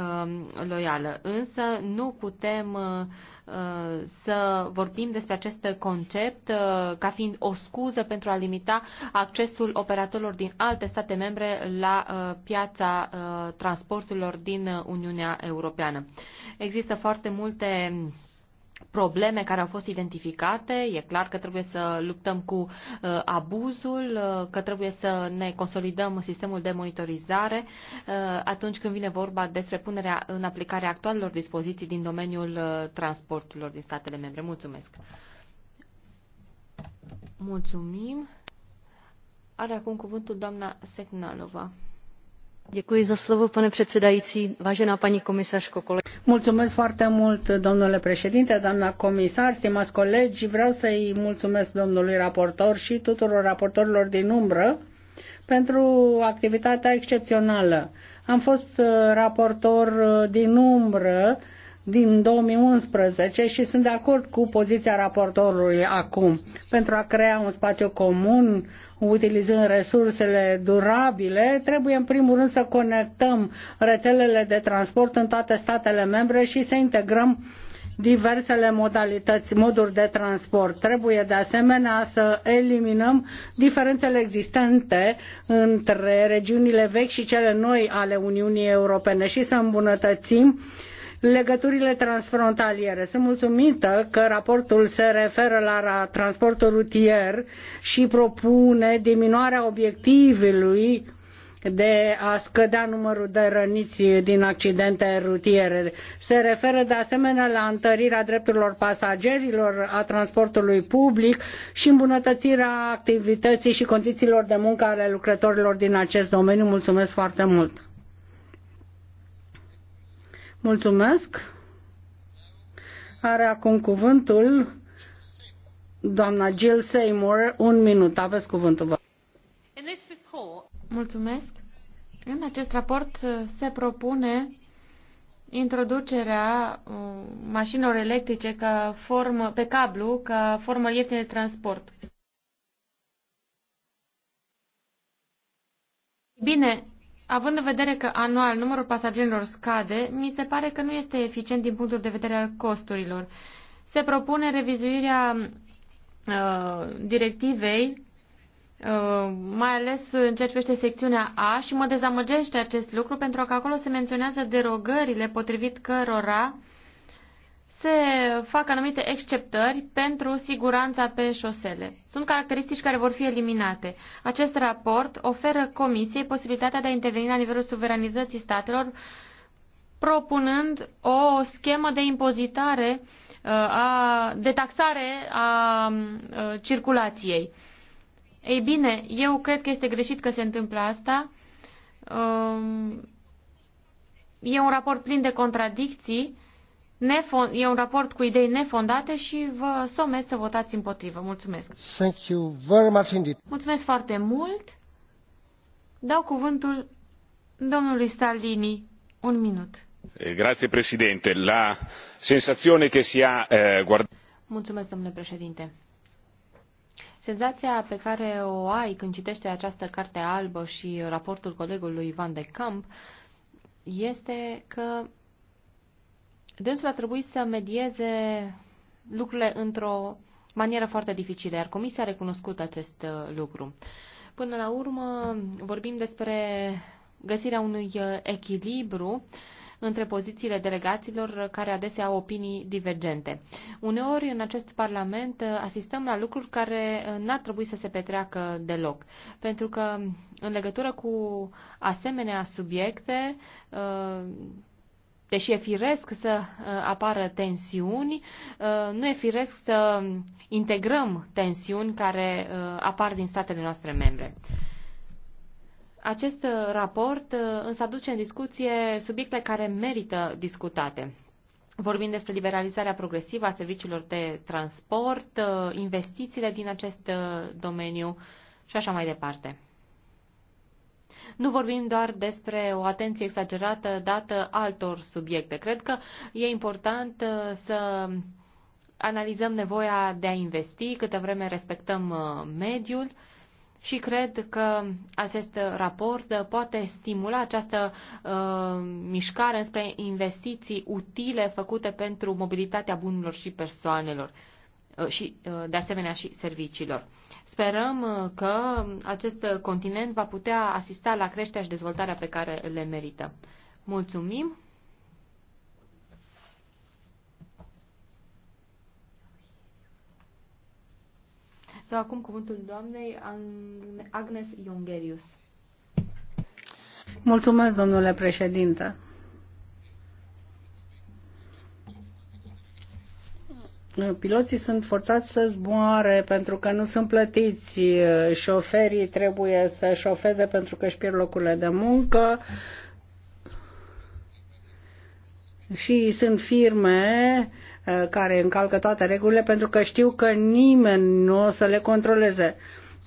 loială. Însă nu putem Uh, să vorbim despre acest concept uh, ca fiind o scuză pentru a limita accesul operatorilor din alte state membre la uh, piața transporturilor din Uniunea Europeană. Există foarte multe probleme care au fost identificate. E clar că trebuie să luptăm cu uh, abuzul, uh, că trebuie să ne consolidăm sistemul de monitorizare uh, atunci când vine vorba despre punerea în aplicare actualelor dispoziții din domeniul transporturilor din statele membre. Mulțumesc! Mulțumim! Are acum cuvântul doamna Secnalova pane předsedající paní komisařko kolegyně. mulțumesc foarte mult domnule președinte doamnă comisar stimați colegi vreau să îi mulțumesc domnului raportor și tuturor raportorilor din umbră pentru activitatea excepțională. am fost uh, raportor uh, din umbră din 2011 și sunt de acord cu poziția raportorului acum pentru a crea un spațiu comun utilizând resursele durabile, trebuie în primul rând să conectăm rețelele de transport în toate statele membre și să integrăm diversele modalități, moduri de transport. Trebuie de asemenea să eliminăm diferențele existente între regiunile vechi și cele noi ale Uniunii Europene și să îmbunătățim uh, legăturile transfrontaliere. Sunt mulțumită că raportul se referă la transportul rutier și propune diminuarea obiectivului de a scădea numărul de răniți din accidente rutiere. Se referă de asemenea la întărirea drepturilor pasagerilor, a transportului public și îmbunătățirea activității și condițiilor de muncă ale lucrătorilor din acest domeniu. Mulțumesc foarte mult! Mulțumesc. Are acum cuvântul doamna Jill Seymour. Un minut, aveți cuvântul. Vă. Mulțumesc. În acest raport uh, se propune introducerea uh, mașinilor electrice ca formă, pe cablu ca formă ieftină de transport. Bine, Având în vedere că anual numărul pasagerilor scade, mi se pare că nu este eficient din punctul de vedere al costurilor. Se propune revizuirea uh, directivei, uh, mai ales în ceea ce privește secțiunea A și mă dezamăgește acest lucru pentru că acolo se menționează derogările potrivit cărora uh, se fac anumite exceptări pentru siguranța pe șosele. Sunt caracteristici care vor fi eliminate. Acest raport oferă Comisiei posibilitatea de a interveni la nivelul suveranității statelor, propunând o schemă de impozitare, uh, a, de taxare a uh, circulației. Ei bine, eu cred că este greșit că se întâmplă asta. Um, e un raport plin de contradicții e un raport cu idei nefondate și vă somesc să votați împotrivă. Mulțumesc. Thank you very much indeed. Mulțumesc foarte mult. Dau cuvântul domnului Stalini. Un minut. Eh, grazie, președinte. La sensazione că si ha eh, guard... Mulțumesc, domnule președinte. Senzația pe care o ai când citești această carte albă și raportul colegului Van de Camp este că Dânsul a trebuit să medieze lucrurile într-o manieră foarte dificilă, iar Comisia a recunoscut acest uh, lucru. Până la urmă, vorbim despre găsirea unui uh, echilibru între pozițiile delegaților care adesea au opinii divergente. Uneori, în acest Parlament, uh, asistăm la lucruri care n-ar trebui să se petreacă deloc, pentru că în legătură cu asemenea subiecte, Deși e firesc să uh, apară tensiuni, uh, nu e firesc să integrăm tensiuni care uh, apar din statele noastre membre. Acest raport însă aduce în discuție subiecte care merită discutate. Vorbim despre liberalizarea progresivă a serviciilor de transport, investițiile din acest domeniu și așa mai departe. Nu vorbim doar despre o atenție exagerată dată altor subiecte. Cred că e important uh, să analizăm nevoia de a investi, câtă vreme respectăm uh, mediul și cred că acest raport uh, poate stimula această uh, mișcare înspre investiții utile făcute pentru mobilitatea bunurilor și persoanelor uh, și, uh, de asemenea, și serviciilor. Sperăm uh, că acest uh, continent va putea asista la creșterea și dezvoltarea pe care le merită. Mulțumim! Dau acum cuvântul doamnei Agnes Iungerius. Mulțumesc, domnule președinte. piloții sunt forțați să zboare pentru că nu sunt plătiți, șoferii trebuie să șofeze pentru că își pierd locurile de muncă și sunt firme uh, care încalcă toate regulile pentru că știu că nimeni nu o să le controleze.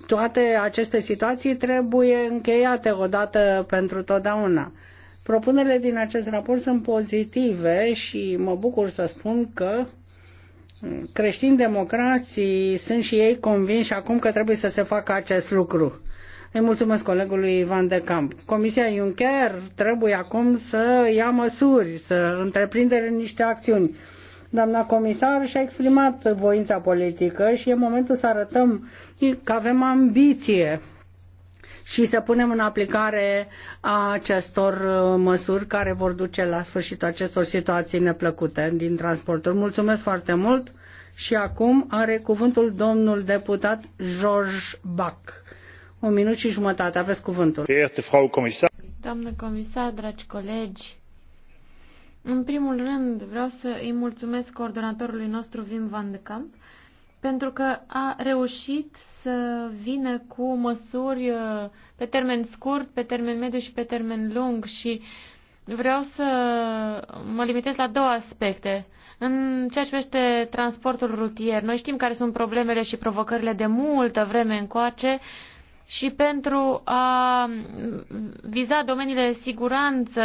Toate aceste situații trebuie încheiate odată pentru totdeauna. Propunerile din acest raport sunt pozitive și mă bucur să spun că creștini democrații sunt și ei convinși acum că trebuie să se facă acest lucru. Îi mulțumesc colegului Ivan de Camp. Comisia Juncker trebuie acum să ia măsuri, să întreprinde niște acțiuni. Doamna comisar și-a exprimat voința politică și e momentul să arătăm că avem ambiție și să punem în aplicare acestor uh, măsuri care vor duce la sfârșitul acestor situații neplăcute din transporturi. Mulțumesc foarte mult și acum are cuvântul domnul deputat George Bach. Un minut și jumătate, aveți cuvântul. Doamnă comisar, dragi colegi, în primul rând vreau să îi mulțumesc coordonatorului nostru Vim Van de Camp pentru că a reușit să vină cu măsuri uh, pe termen scurt, pe termen mediu și pe termen lung și vreau să mă limitez la două aspecte. În ceea ce privește transportul rutier, noi știm care sunt problemele și provocările de multă vreme încoace și pentru a viza domeniile siguranță,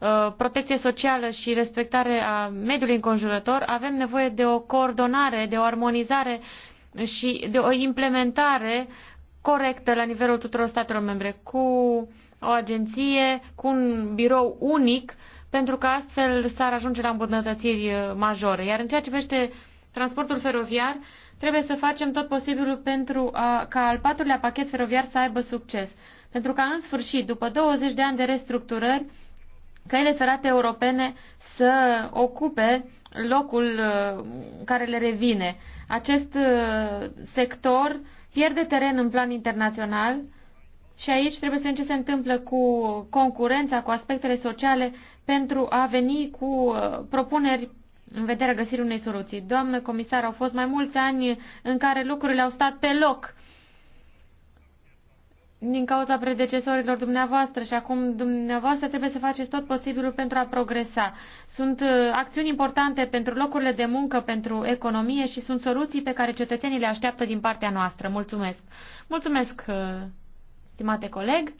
Uh, protecție socială și respectare a mediului înconjurător, avem nevoie de o coordonare, de o armonizare și de o implementare corectă la nivelul tuturor statelor membre, cu o agenție, cu un birou unic, pentru că astfel s-ar ajunge la îmbunătățiri uh, majore. Iar în ceea ce privește transportul feroviar, trebuie să facem tot posibilul pentru a, ca al patrulea pachet feroviar să aibă succes. Pentru ca în sfârșit, după 20 de ani de restructurări, căile ferate europene să ocupe locul uh, care le revine. Acest uh, sector pierde teren în plan internațional și aici trebuie să vedem ce se întâmplă cu concurența, cu aspectele sociale, pentru a veni cu uh, propuneri în vederea găsirii unei soluții. Doamnă comisar, au fost mai mulți ani în care lucrurile au stat pe loc din cauza predecesorilor dumneavoastră și acum dumneavoastră trebuie să faceți tot posibilul pentru a progresa. Sunt uh, acțiuni importante pentru locurile de muncă, pentru economie și sunt soluții pe care cetățenii le așteaptă din partea noastră. Mulțumesc! Mulțumesc, uh, stimate coleg!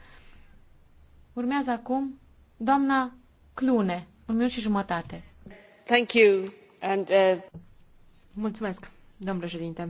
Urmează acum doamna Clune, un minut și jumătate. Thank you. And, uh... Mulțumesc, domnule președinte.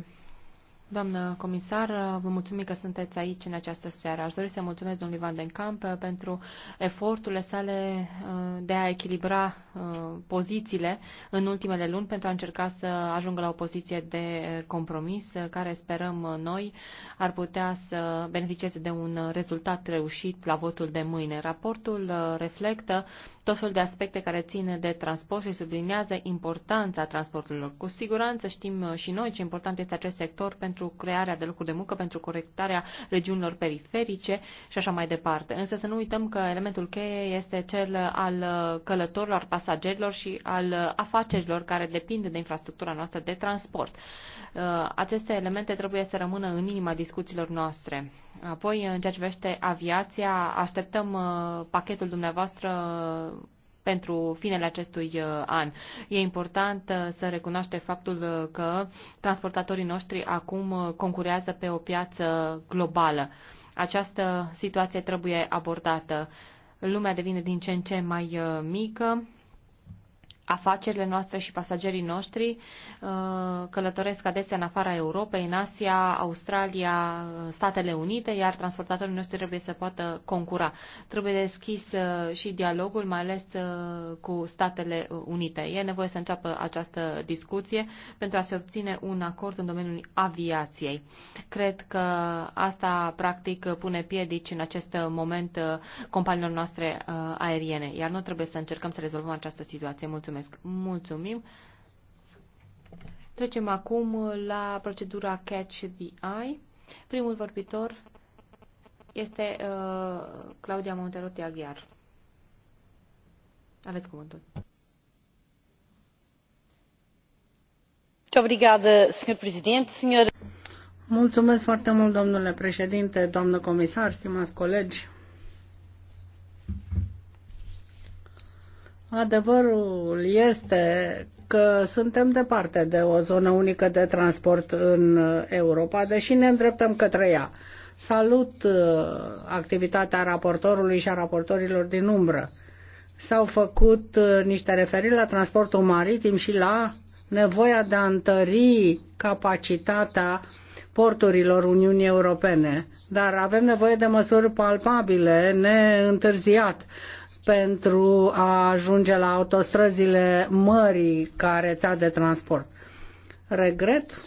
Doamnă comisar, vă mulțumim că sunteți aici în această seară. Aș dori să mulțumesc domnului Van den Camp uh, pentru eforturile sale uh, de a echilibra uh, pozițiile în ultimele luni pentru a încerca să ajungă la o poziție de compromis care sperăm noi ar putea să beneficieze de un rezultat reușit la votul de mâine. Raportul reflectă tot felul de aspecte care țin de transport și sublinează importanța transporturilor. Cu siguranță știm uh, și noi ce important este acest sector pentru crearea de locuri de muncă, pentru corectarea regiunilor periferice și așa mai departe. Însă să nu uităm că elementul cheie este cel al uh, călătorilor, pasagerilor și al uh, afacerilor care depind de infrastructura noastră de transport. Aceste elemente trebuie să rămână în inima discuțiilor noastre. Apoi, în ceea ce privește aviația, așteptăm pachetul dumneavoastră pentru finele acestui uh, an. E important uh, să recunoaște faptul uh, că transportatorii noștri acum concurează pe o piață globală. Această situație trebuie abordată. Lumea devine din ce în ce mai mică, afacerile noastre și pasagerii noștri uh, călătoresc adesea în afara Europei, în Asia, Australia, uh, Statele Unite, iar transportatorii noștri trebuie să poată concura. Trebuie deschis uh, și dialogul, mai ales cu Statele Unite. E nevoie să înceapă această discuție pentru a se obține un acord în domeniul aviației. Cred că asta, practic, pune piedici în acest moment companiilor noastre aeriene, iar noi trebuie să încercăm să rezolvăm această situație. Mulțumesc! Mulțumesc. Mulțumim. Trecem acum la procedura Catch the Eye. Primul vorbitor este uh, Claudia Montero Aghiar. Aveți cuvântul. Mulțumesc foarte mult, domnule președinte, doamnă comisar, stimați colegi. Adevărul este că suntem departe de o zonă unică de transport în Europa, deși ne îndreptăm către ea. Salut uh, activitatea raportorului și a raportorilor din umbră. S-au făcut uh, niște referiri la transportul maritim și la nevoia de a întări capacitatea porturilor Uniunii Europene, dar avem nevoie de măsuri palpabile, neîntârziat, pentru a ajunge la autostrăzile mării ca rețea de transport. Regret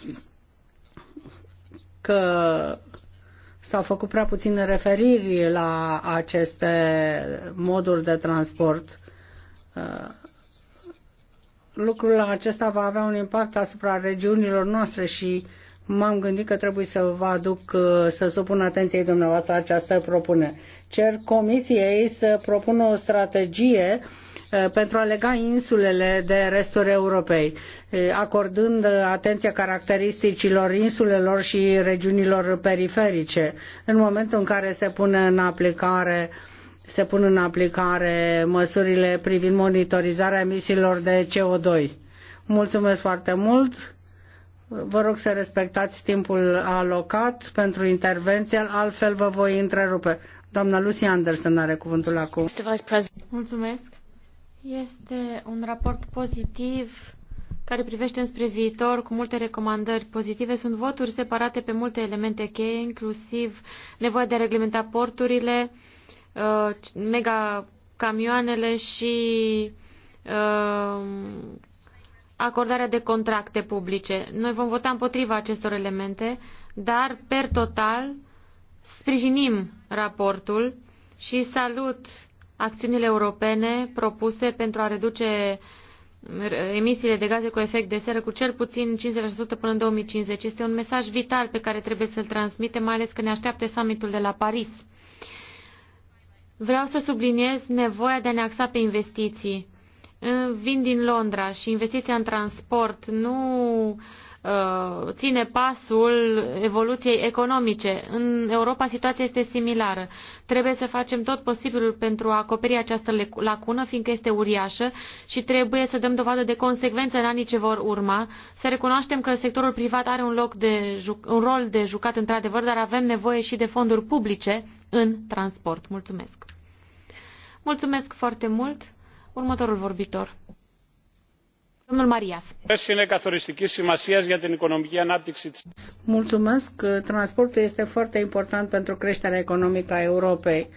că s-au făcut prea puține referiri la aceste moduri de transport. Lucrul acesta va avea un impact asupra regiunilor noastre și m-am gândit că trebuie să vă aduc, să supun atenției dumneavoastră această propunere. Cer Comisiei să propună o strategie uh, pentru a lega insulele de restul Europei, uh, acordând atenție caracteristicilor insulelor și regiunilor periferice, în momentul în care se pune în aplicare se pun în aplicare măsurile privind monitorizarea emisiilor de CO2. Mulțumesc foarte mult! Vă rog să respectați timpul alocat pentru intervenție, altfel vă voi întrerupe. Doamna Lucy Anderson are cuvântul acum. Mulțumesc. Este un raport pozitiv care privește înspre viitor cu multe recomandări pozitive. Sunt voturi separate pe multe elemente cheie, inclusiv nevoia de a reglementa porturile, uh, mega camioanele și uh, acordarea de contracte publice. Noi vom vota împotriva acestor elemente, dar per total uh, Sprijinim raportul și salut acțiunile europene propuse pentru a reduce emisiile de gaze cu efect de seră cu cel puțin 50% până în 2050. Este un mesaj vital pe care trebuie să-l transmitem, mai ales că ne așteaptă summitul de la Paris. Vreau să subliniez nevoia de a ne axa pe investiții. Vin din Londra și investiția în transport nu Uh, ține pasul evoluției economice. În Europa situația este similară. Trebuie să facem tot posibilul pentru a acoperi această lacună, fiindcă este uriașă și trebuie să dăm dovadă de consecvență în anii ce vor urma, să recunoaștem că sectorul privat are un, loc de, un rol de jucat într-adevăr, dar avem nevoie și de fonduri publice în transport. Mulțumesc! Mulțumesc foarte mult! Următorul vorbitor. Marias. Mulțumesc. Transportul este foarte important pentru creșterea economică a Europei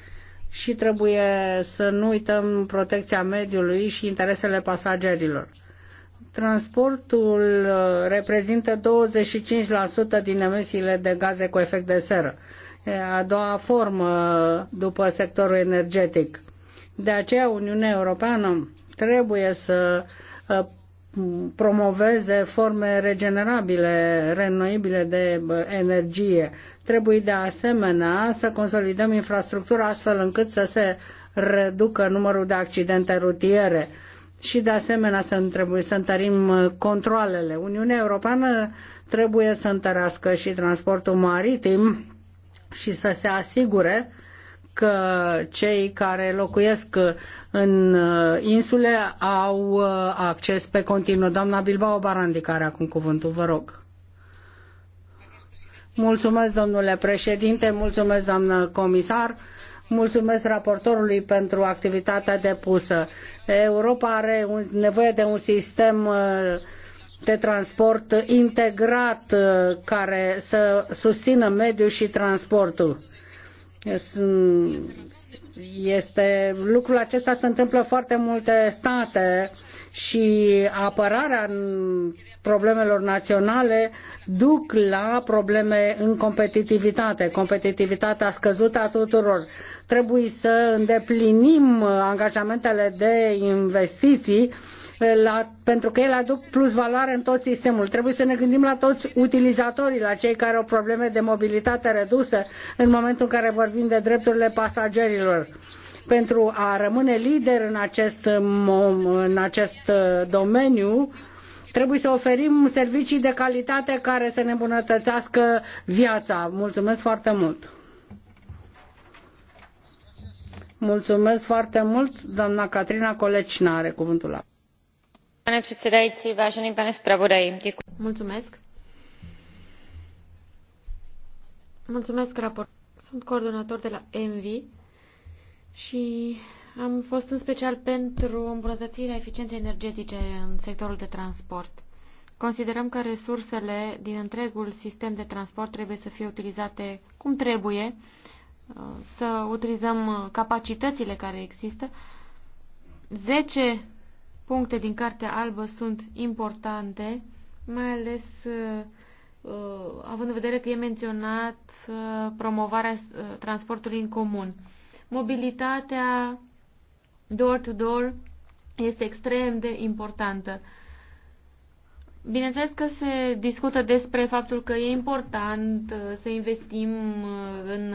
și trebuie să nu uităm protecția mediului și interesele pasagerilor. Transportul uh, reprezintă 25% din emisiile de gaze cu efect de seră, a doua formă după sectorul energetic. De aceea Uniunea Europeană trebuie să uh, promoveze forme regenerabile, renoibile de energie. Trebuie de asemenea să consolidăm infrastructura astfel încât să se reducă numărul de accidente rutiere și de asemenea să, trebuie să întărim controlele. Uniunea Europeană trebuie să întărească și transportul maritim și să se asigure că cei care locuiesc în uh, insule au uh, acces pe continuu. Doamna Bilbao Barandi, care acum cuvântul, vă rog. Mulțumesc, domnule președinte, mulțumesc, doamnă comisar. Mulțumesc raportorului pentru activitatea depusă. Europa are un, nevoie de un sistem uh, de transport integrat care să susțină mediul și transportul este, lucrul acesta se întâmplă foarte multe state și apărarea problemelor naționale duc la probleme în competitivitate. Competitivitatea scăzută a tuturor. Trebuie să îndeplinim angajamentele de investiții uh, la, pentru că ele aduc plus valoare în tot sistemul. Trebuie să ne gândim la toți utilizatorii, la cei care au probleme de mobilitate redusă în momentul în care vorbim de drepturile pasagerilor pentru a rămâne lider în acest, în acest uh, domeniu, trebuie să oferim servicii de calitate care să ne îmbunătățească viața. Mulțumesc foarte mult! Mulțumesc foarte mult, doamna Catrina Colecina are cuvântul la pane předsedající vážený pane zpravodaji mulțumesc. mulțumesc raport. sunt coordonator de la envi și am fost în special pentru îmbunătățirea eficienței energetice în sectorul de transport. Considerăm că resursele din întregul sistem de transport trebuie să fie utilizate cum trebuie, să utilizăm capacitățile care există. 10 puncte din Cartea Albă sunt importante, mai ales uh, uh, având în vedere că e menționat uh, promovarea uh, transportului în comun. Mobilitatea door-to-door -door este extrem de importantă. Bineînțeles că se discută despre faptul că e important uh, să investim uh, în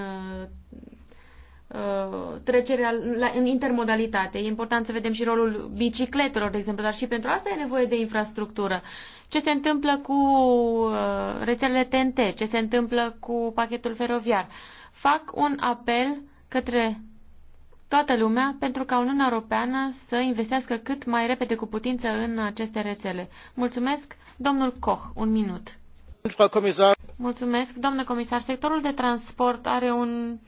Uh, trecerea la, în intermodalitate. E important să vedem și rolul bicicletelor, de exemplu, dar și pentru asta e nevoie de infrastructură. Ce se întâmplă cu uh, rețelele TNT, ce se întâmplă cu pachetul feroviar. Fac un apel către toată lumea pentru ca Uniunea Europeană să investească cât mai repede cu putință în aceste rețele. Mulțumesc, domnul Koch, un minut. Mulțumesc, domnule comisar. Sectorul de transport are un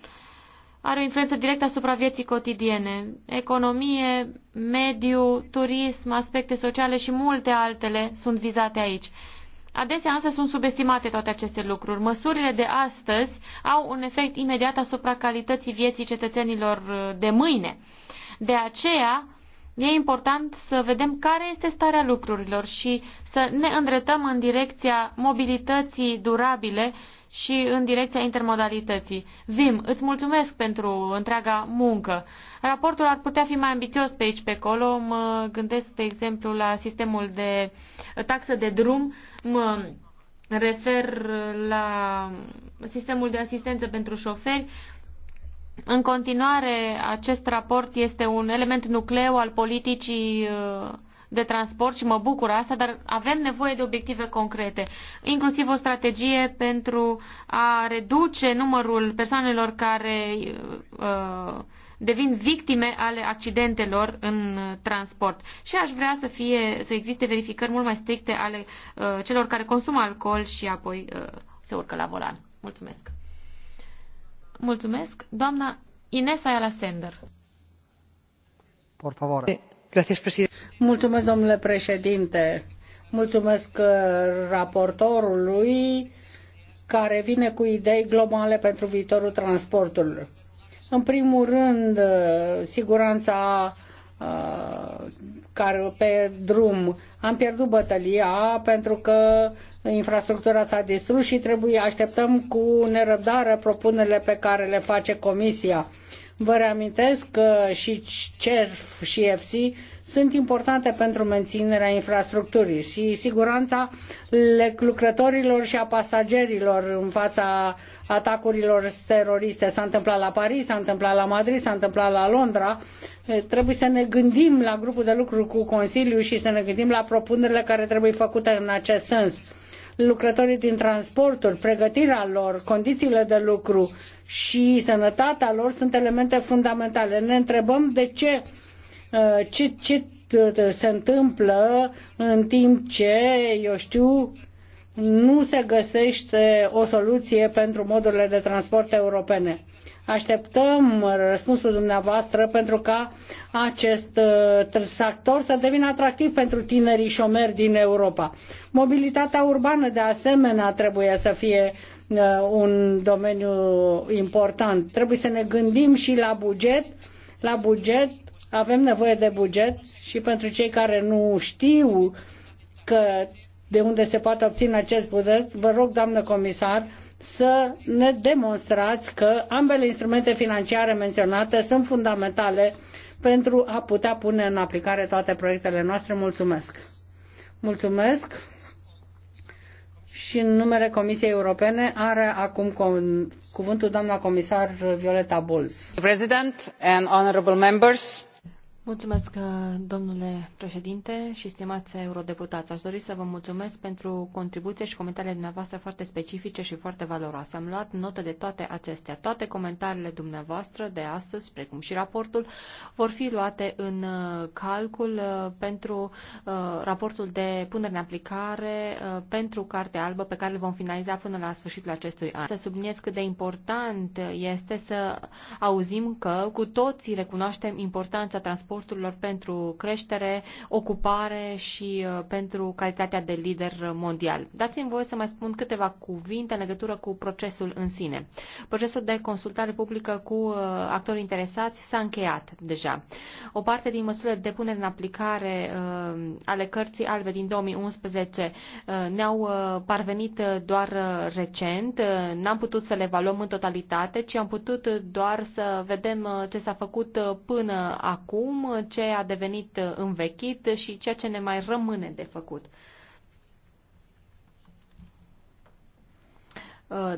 are o influență directă asupra vieții cotidiene, economie, mediu, turism, aspecte sociale și multe altele sunt vizate aici. Adesea însă sunt subestimate toate aceste lucruri. Măsurile de astăzi au un efect imediat asupra calității vieții cetățenilor uh, de mâine. De aceea e important să vedem care este starea lucrurilor și să ne îndreptăm în direcția mobilității durabile și în direcția intermodalității. Vim, îți mulțumesc pentru întreaga muncă. Raportul ar putea fi mai ambițios pe aici, pe acolo. Mă gândesc, de exemplu, la sistemul de taxă de drum. Mă refer la sistemul de asistență pentru șoferi. În continuare, acest raport este un element nucleu al politicii uh, de transport și mă bucur asta, dar avem nevoie de obiective concrete, inclusiv o strategie pentru a reduce numărul persoanelor care uh, devin victime ale accidentelor în transport. Și aș vrea să, fie, să existe verificări mult mai stricte ale uh, celor care consumă alcool și apoi uh, se urcă la volan. Mulțumesc. Mulțumesc. Doamna Inesa Ayala Por favor. Eh, Mulțumesc, domnule președinte. Mulțumesc uh, raportorului care vine cu idei globale pentru viitorul transportului. În primul rând, uh, siguranța uh, care pe drum am pierdut bătălia pentru că infrastructura s-a distrus și trebuie așteptăm cu nerăbdare propunerile pe care le face comisia Vă reamintesc că și CERF și EFSI sunt importante pentru menținerea infrastructurii și siguranța lucrătorilor și a pasagerilor în fața atacurilor teroriste. S-a întâmplat la Paris, s-a întâmplat la Madrid, s-a întâmplat la Londra. Trebuie să ne gândim la grupul de lucru cu Consiliu și să ne gândim la propunerile care trebuie făcute în acest sens lucrătorii din transporturi, pregătirea lor, condițiile de lucru și sănătatea lor sunt elemente fundamentale. Ne întrebăm de ce, uh, ce, ce uh, se întâmplă în timp ce, eu știu, nu se găsește o soluție pentru modurile de transport europene Așteptăm răspunsul dumneavoastră pentru ca acest uh, sector să devină atractiv pentru tinerii șomeri din Europa. Mobilitatea urbană, de asemenea, trebuie să fie uh, un domeniu important. Trebuie să ne gândim și la buget. La buget avem nevoie de buget și pentru cei care nu știu că de unde se poate obține acest buget, vă rog, doamnă comisar, să ne demonstrați că ambele instrumente financiare menționate sunt fundamentale pentru a putea pune în aplicare toate proiectele noastre. Mulțumesc! Mulțumesc! Și în numele Comisiei Europene are acum cuvântul doamna comisar Violeta Bulls. President and honorable members, Mulțumesc, uh, domnule președinte și stimați eurodeputați. Aș dori să vă mulțumesc pentru contribuție și comentariile dumneavoastră foarte specifice și foarte valoroase. Am luat notă de toate acestea. Toate comentariile dumneavoastră de astăzi, precum și raportul, vor fi luate în uh, calcul uh, pentru raportul de punere în aplicare pentru Cartea Albă pe care îl vom finaliza până la sfârșitul acestui an. Să subliniez cât de important este să auzim că cu toții recunoaștem importanța transportului eforturilor pentru creștere, ocupare și uh, pentru calitatea de lider mondial. Dați-mi voie să mai spun câteva cuvinte în legătură cu procesul în sine. Procesul de consultare publică cu uh, actorii interesați s-a încheiat deja. O parte din măsurile de punere în aplicare uh, ale cărții albe din 2011 ne-au parvenit doar recent. N-am putut să le evaluăm în totalitate, ci am putut doar să vedem ce s-a făcut până acum ce a devenit învechit și ceea ce ne mai rămâne de făcut.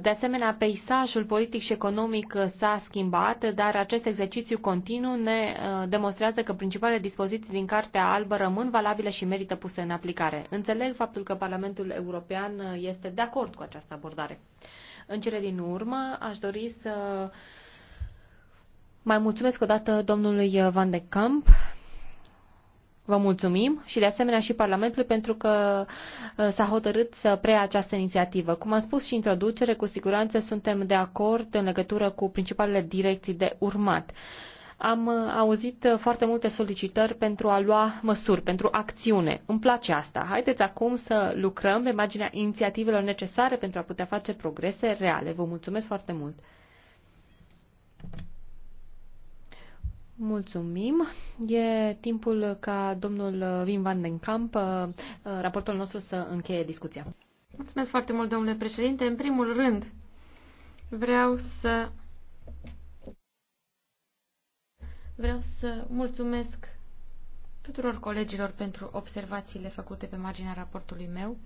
De asemenea, peisajul politic și economic s-a schimbat, dar acest exercițiu continuu ne uh, demonstrează că principalele dispoziții din Cartea Albă rămân valabile și merită puse în aplicare. Înțeleg faptul că Parlamentul European este de acord cu această abordare. În cele din urmă, aș dori să uh, mai mulțumesc o dată domnului uh, Van de Camp. Vă mulțumim și de asemenea și Parlamentului pentru că uh, s-a hotărât să preia această inițiativă. Cum am spus și în introducere, cu siguranță suntem de acord în legătură cu principalele direcții de urmat. Am uh, auzit foarte multe solicitări pentru a lua măsuri, pentru acțiune. Îmi place asta. Haideți acum să lucrăm pe marginea inițiativelor necesare pentru a putea face progrese reale. Vă mulțumesc foarte mult! Mulțumim. E timpul ca domnul Wim van den Kamp, uh, raportul nostru, să încheie discuția. Mulțumesc foarte mult, domnule președinte. În primul rând, vreau să vreau să mulțumesc tuturor colegilor pentru observațiile făcute pe marginea raportului meu.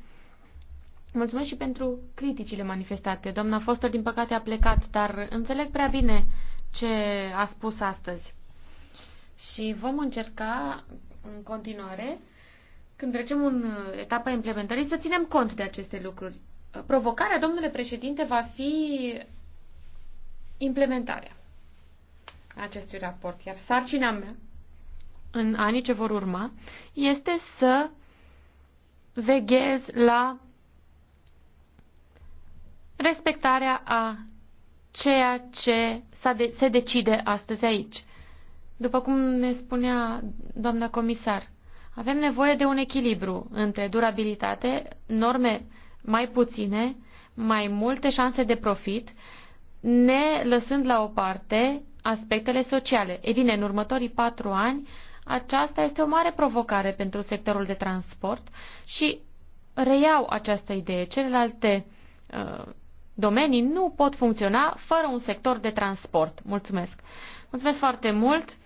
Mulțumesc și pentru criticile manifestate. Doamna Foster, din păcate, a plecat, dar înțeleg prea bine ce a spus astăzi și vom încerca în continuare, când trecem în etapa implementării, să ținem cont de aceste lucruri. Provocarea, domnule președinte, va fi implementarea acestui raport. Iar sarcina mea, în anii ce vor urma, este să veghez la respectarea a ceea ce se decide astăzi aici. După cum ne spunea doamna comisar, avem nevoie de un echilibru între durabilitate, norme mai puține, mai multe șanse de profit, ne lăsând la o parte aspectele sociale. Ei bine, în următorii patru ani, aceasta este o mare provocare pentru sectorul de transport și reiau această idee. Celelalte uh, domenii nu pot funcționa fără un sector de transport. Mulțumesc! Mulțumesc foarte mult!